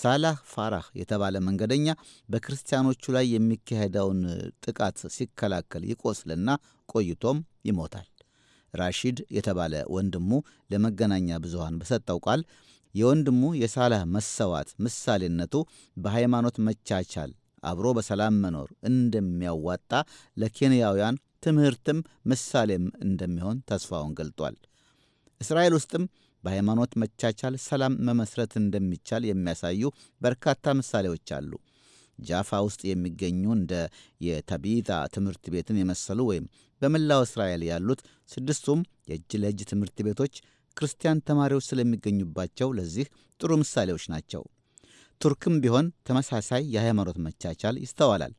ሳላህ ፋራህ የተባለ መንገደኛ በክርስቲያኖቹ ላይ የሚካሄደውን ጥቃት ሲከላከል ይቆስልና ቆይቶም ይሞታል። ራሺድ የተባለ ወንድሙ ለመገናኛ ብዙሃን በሰጠው ቃል የወንድሙ የሳላህ መሰዋት ምሳሌነቱ በሃይማኖት መቻቻል አብሮ በሰላም መኖር እንደሚያዋጣ ለኬንያውያን ትምህርትም ምሳሌም እንደሚሆን ተስፋውን ገልጧል። እስራኤል ውስጥም በሃይማኖት መቻቻል ሰላም መመስረት እንደሚቻል የሚያሳዩ በርካታ ምሳሌዎች አሉ። ጃፋ ውስጥ የሚገኙ እንደ የታቢታ ትምህርት ቤትን የመሰሉ ወይም በመላው እስራኤል ያሉት ስድስቱም የእጅ ለእጅ ትምህርት ቤቶች ክርስቲያን ተማሪዎች ስለሚገኙባቸው ለዚህ ጥሩ ምሳሌዎች ናቸው። ቱርክም ቢሆን ተመሳሳይ የሃይማኖት መቻቻል ይስተዋላል።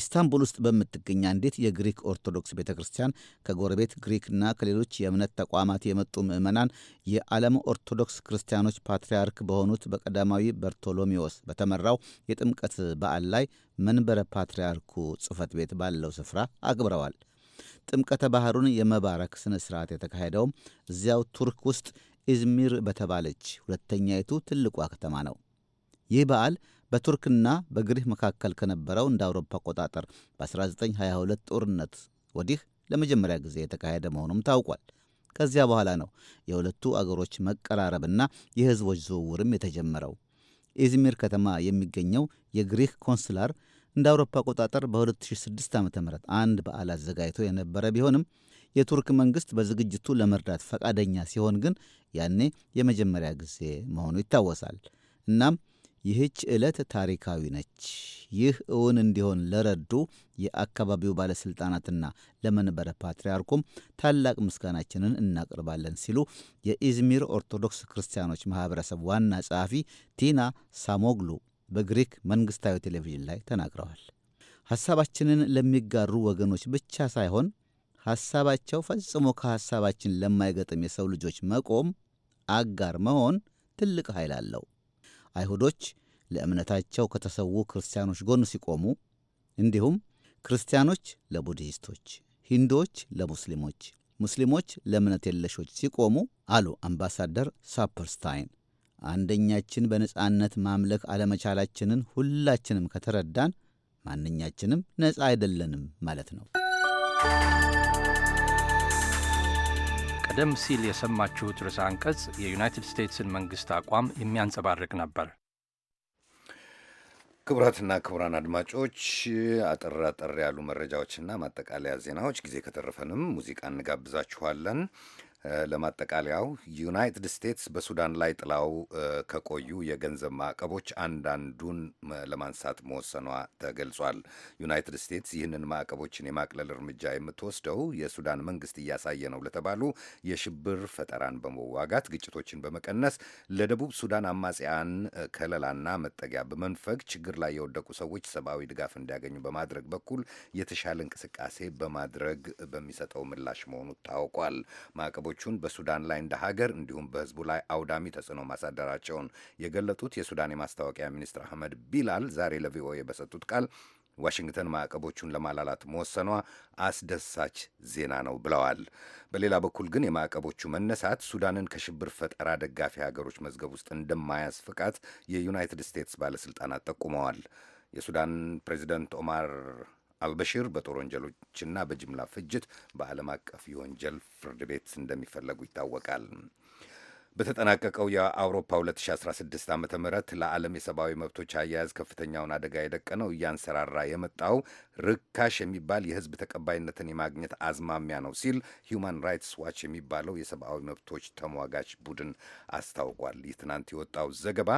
ኢስታንቡል ውስጥ በምትገኝ አንዲት የግሪክ ኦርቶዶክስ ቤተ ክርስቲያን ከጎረቤት ግሪክና ከሌሎች የእምነት ተቋማት የመጡ ምዕመናን የዓለም ኦርቶዶክስ ክርስቲያኖች ፓትርያርክ በሆኑት በቀዳማዊ በርቶሎሜዎስ በተመራው የጥምቀት በዓል ላይ መንበረ ፓትርያርኩ ጽሕፈት ቤት ባለው ስፍራ አክብረዋል። ጥምቀተ ባህሩን የመባረክ ሥነ ሥርዓት የተካሄደውም እዚያው ቱርክ ውስጥ ኢዝሚር በተባለች ሁለተኛይቱ ትልቋ ከተማ ነው። ይህ በዓል በቱርክና በግሪክ መካከል ከነበረው እንደ አውሮፓ አቆጣጠር በ1922 ጦርነት ወዲህ ለመጀመሪያ ጊዜ የተካሄደ መሆኑም ታውቋል። ከዚያ በኋላ ነው የሁለቱ አገሮች መቀራረብና የህዝቦች ዝውውርም የተጀመረው። ኢዝሚር ከተማ የሚገኘው የግሪክ ኮንስላር እንደ አውሮፓ አቆጣጠር በ2006 ዓ ም አንድ በዓል አዘጋጅቶ የነበረ ቢሆንም የቱርክ መንግሥት በዝግጅቱ ለመርዳት ፈቃደኛ ሲሆን ግን ያኔ የመጀመሪያ ጊዜ መሆኑ ይታወሳል። እናም ይህች ዕለት ታሪካዊ ነች። ይህ እውን እንዲሆን ለረዱ የአካባቢው ባለሥልጣናትና ለመንበረ ፓትርያርኩም ታላቅ ምስጋናችንን እናቀርባለን ሲሉ የኢዝሚር ኦርቶዶክስ ክርስቲያኖች ማኅበረሰብ ዋና ጸሐፊ ቲና ሳሞግሉ በግሪክ መንግሥታዊ ቴሌቪዥን ላይ ተናግረዋል። ሐሳባችንን ለሚጋሩ ወገኖች ብቻ ሳይሆን ሐሳባቸው ፈጽሞ ከሐሳባችን ለማይገጥም የሰው ልጆች መቆም አጋር መሆን ትልቅ ኃይል አለው። አይሁዶች ለእምነታቸው ከተሰዉ ክርስቲያኖች ጎን ሲቆሙ፣ እንዲሁም ክርስቲያኖች ለቡድሂስቶች፣ ሂንዱዎች ለሙስሊሞች፣ ሙስሊሞች ለእምነት የለሾች ሲቆሙ አሉ አምባሳደር ሳፐርስታይን። አንደኛችን በነጻነት ማምለክ አለመቻላችንን ሁላችንም ከተረዳን ማንኛችንም ነጻ አይደለንም ማለት ነው። ቀደም ሲል የሰማችሁት ርዕሰ አንቀጽ የዩናይትድ ስቴትስን መንግሥት አቋም የሚያንጸባርቅ ነበር። ክቡራትና ክቡራን አድማጮች አጠር አጠር ያሉ መረጃዎችና ማጠቃለያ ዜናዎች ጊዜ ከተረፈንም ሙዚቃ እንጋብዛችኋለን። ለማጠቃለያው ዩናይትድ ስቴትስ በሱዳን ላይ ጥላው ከቆዩ የገንዘብ ማዕቀቦች አንዳንዱን ለማንሳት መወሰኗ ተገልጿል። ዩናይትድ ስቴትስ ይህንን ማዕቀቦችን የማቅለል እርምጃ የምትወስደው የሱዳን መንግስት እያሳየ ነው ለተባሉ የሽብር ፈጠራን በመዋጋት ግጭቶችን በመቀነስ ለደቡብ ሱዳን አማጽያን ከለላና መጠጊያ በመንፈግ ችግር ላይ የወደቁ ሰዎች ሰብአዊ ድጋፍ እንዲያገኙ በማድረግ በኩል የተሻለ እንቅስቃሴ በማድረግ በሚሰጠው ምላሽ መሆኑ ታውቋል። ማዕቀቦ ጥቃቶቹን በሱዳን ላይ እንደ ሀገር እንዲሁም በህዝቡ ላይ አውዳሚ ተጽዕኖ ማሳደራቸውን የገለጡት የሱዳን የማስታወቂያ ሚኒስትር አህመድ ቢላል ዛሬ ለቪኦኤ በሰጡት ቃል ዋሽንግተን ማዕቀቦቹን ለማላላት መወሰኗ አስደሳች ዜና ነው ብለዋል። በሌላ በኩል ግን የማዕቀቦቹ መነሳት ሱዳንን ከሽብር ፈጠራ ደጋፊ ሀገሮች መዝገብ ውስጥ እንደማያስፍቃት የዩናይትድ ስቴትስ ባለሥልጣናት ጠቁመዋል። የሱዳን ፕሬዚደንት ኦማር አልበሺር በጦር ወንጀሎችና በጅምላ ፍጅት በዓለም አቀፍ የወንጀል ፍርድ ቤት እንደሚፈለጉ ይታወቃል። በተጠናቀቀው የአውሮፓ 2016 ዓ ም ለዓለም የሰብአዊ መብቶች አያያዝ ከፍተኛውን አደጋ የደቀነው እያንሰራራ የመጣው ርካሽ የሚባል የሕዝብ ተቀባይነትን የማግኘት አዝማሚያ ነው ሲል ሂዩማን ራይትስ ዋች የሚባለው የሰብአዊ መብቶች ተሟጋች ቡድን አስታውቋል። ይህ ትናንት የወጣው ዘገባ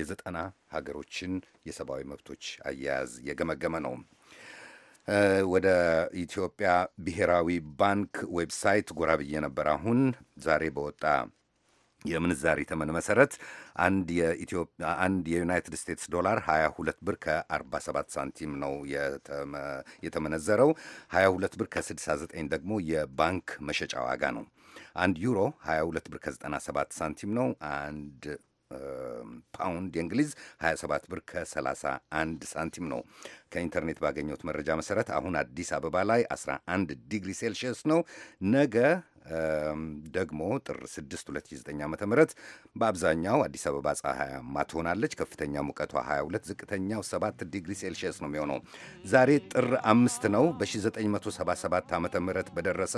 የዘጠና ሀገሮችን የሰብአዊ መብቶች አያያዝ የገመገመ ነው። ወደ ኢትዮጵያ ብሔራዊ ባንክ ዌብሳይት ጎራ ብዬ ነበር። አሁን ዛሬ በወጣ የምንዛሪ ተመን መሰረት አንድ የዩናይትድ ስቴትስ ዶላር 22 ብር ከ47 ሳንቲም ነው የተመነዘረው። 22 ብር ከ69 ደግሞ የባንክ መሸጫ ዋጋ ነው። አንድ ዩሮ 22 ብር ከ97 ሳንቲም ነው። አንድ ፓውንድ የእንግሊዝ 27 ብር ከ31 ሳንቲም ነው። ከኢንተርኔት ባገኘሁት መረጃ መሰረት አሁን አዲስ አበባ ላይ 11 ዲግሪ ሴልሺየስ ነው። ነገ ደግሞ ጥር 6 2009 ዓ ም በአብዛኛው አዲስ አበባ ፀሐያማ ትሆናለች። ከፍተኛ ሙቀቷ 22፣ ዝቅተኛው 7 ዲግሪ ሴልሺየስ ነው የሚሆነው። ዛሬ ጥር 5 ነው። በ1977 ዓ ም በደረሰ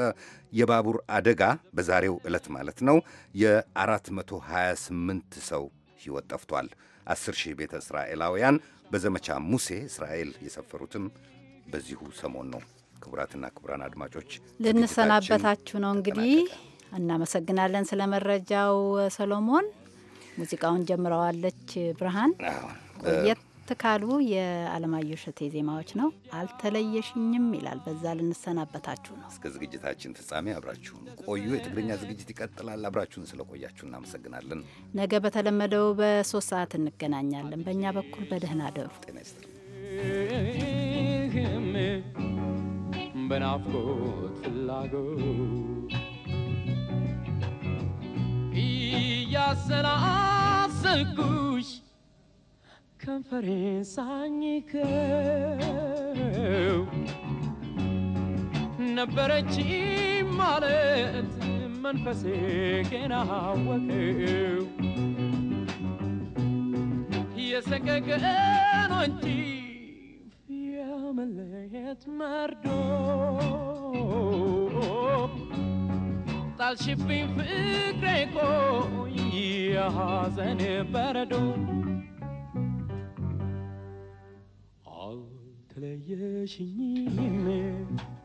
የባቡር አደጋ በዛሬው ዕለት ማለት ነው የ428 ሰው ሕይወት ጠፍቷል። 10 ሺህ ቤተ እስራኤላውያን በዘመቻ ሙሴ እስራኤል የሰፈሩትም በዚሁ ሰሞን ነው። ክቡራትና ክቡራን አድማጮች ልንሰናበታችሁ ነው እንግዲህ። እናመሰግናለን ስለ መረጃው ሰሎሞን። ሙዚቃውን ጀምረዋለች ብርሃን። ቆየት ካሉ የአለማየሁ እሸቴ ዜማዎች ነው። አልተለየሽኝም ይላል። በዛ ልንሰናበታችሁ ነው። እስከ ዝግጅታችን ፍጻሜ አብራችሁን ቆዩ። የትግርኛ ዝግጅት ይቀጥላል። አብራችሁን ስለቆያችሁ እናመሰግናለን። ነገ በተለመደው በሶስት ሰዓት እንገናኛለን። በእኛ በኩል በደህና ደሩ። ጤና ይስጥልኝ። ben afgehoord lago. Ia sena a kush, conferenza nike. Na berechi malet, man fasike na hawake. Ia seke ke no entie. መለየት መርዶ ጣልሽብኝ ፍቅሬ ቆይ የሐዘን በረዶ አልተለየሽኝም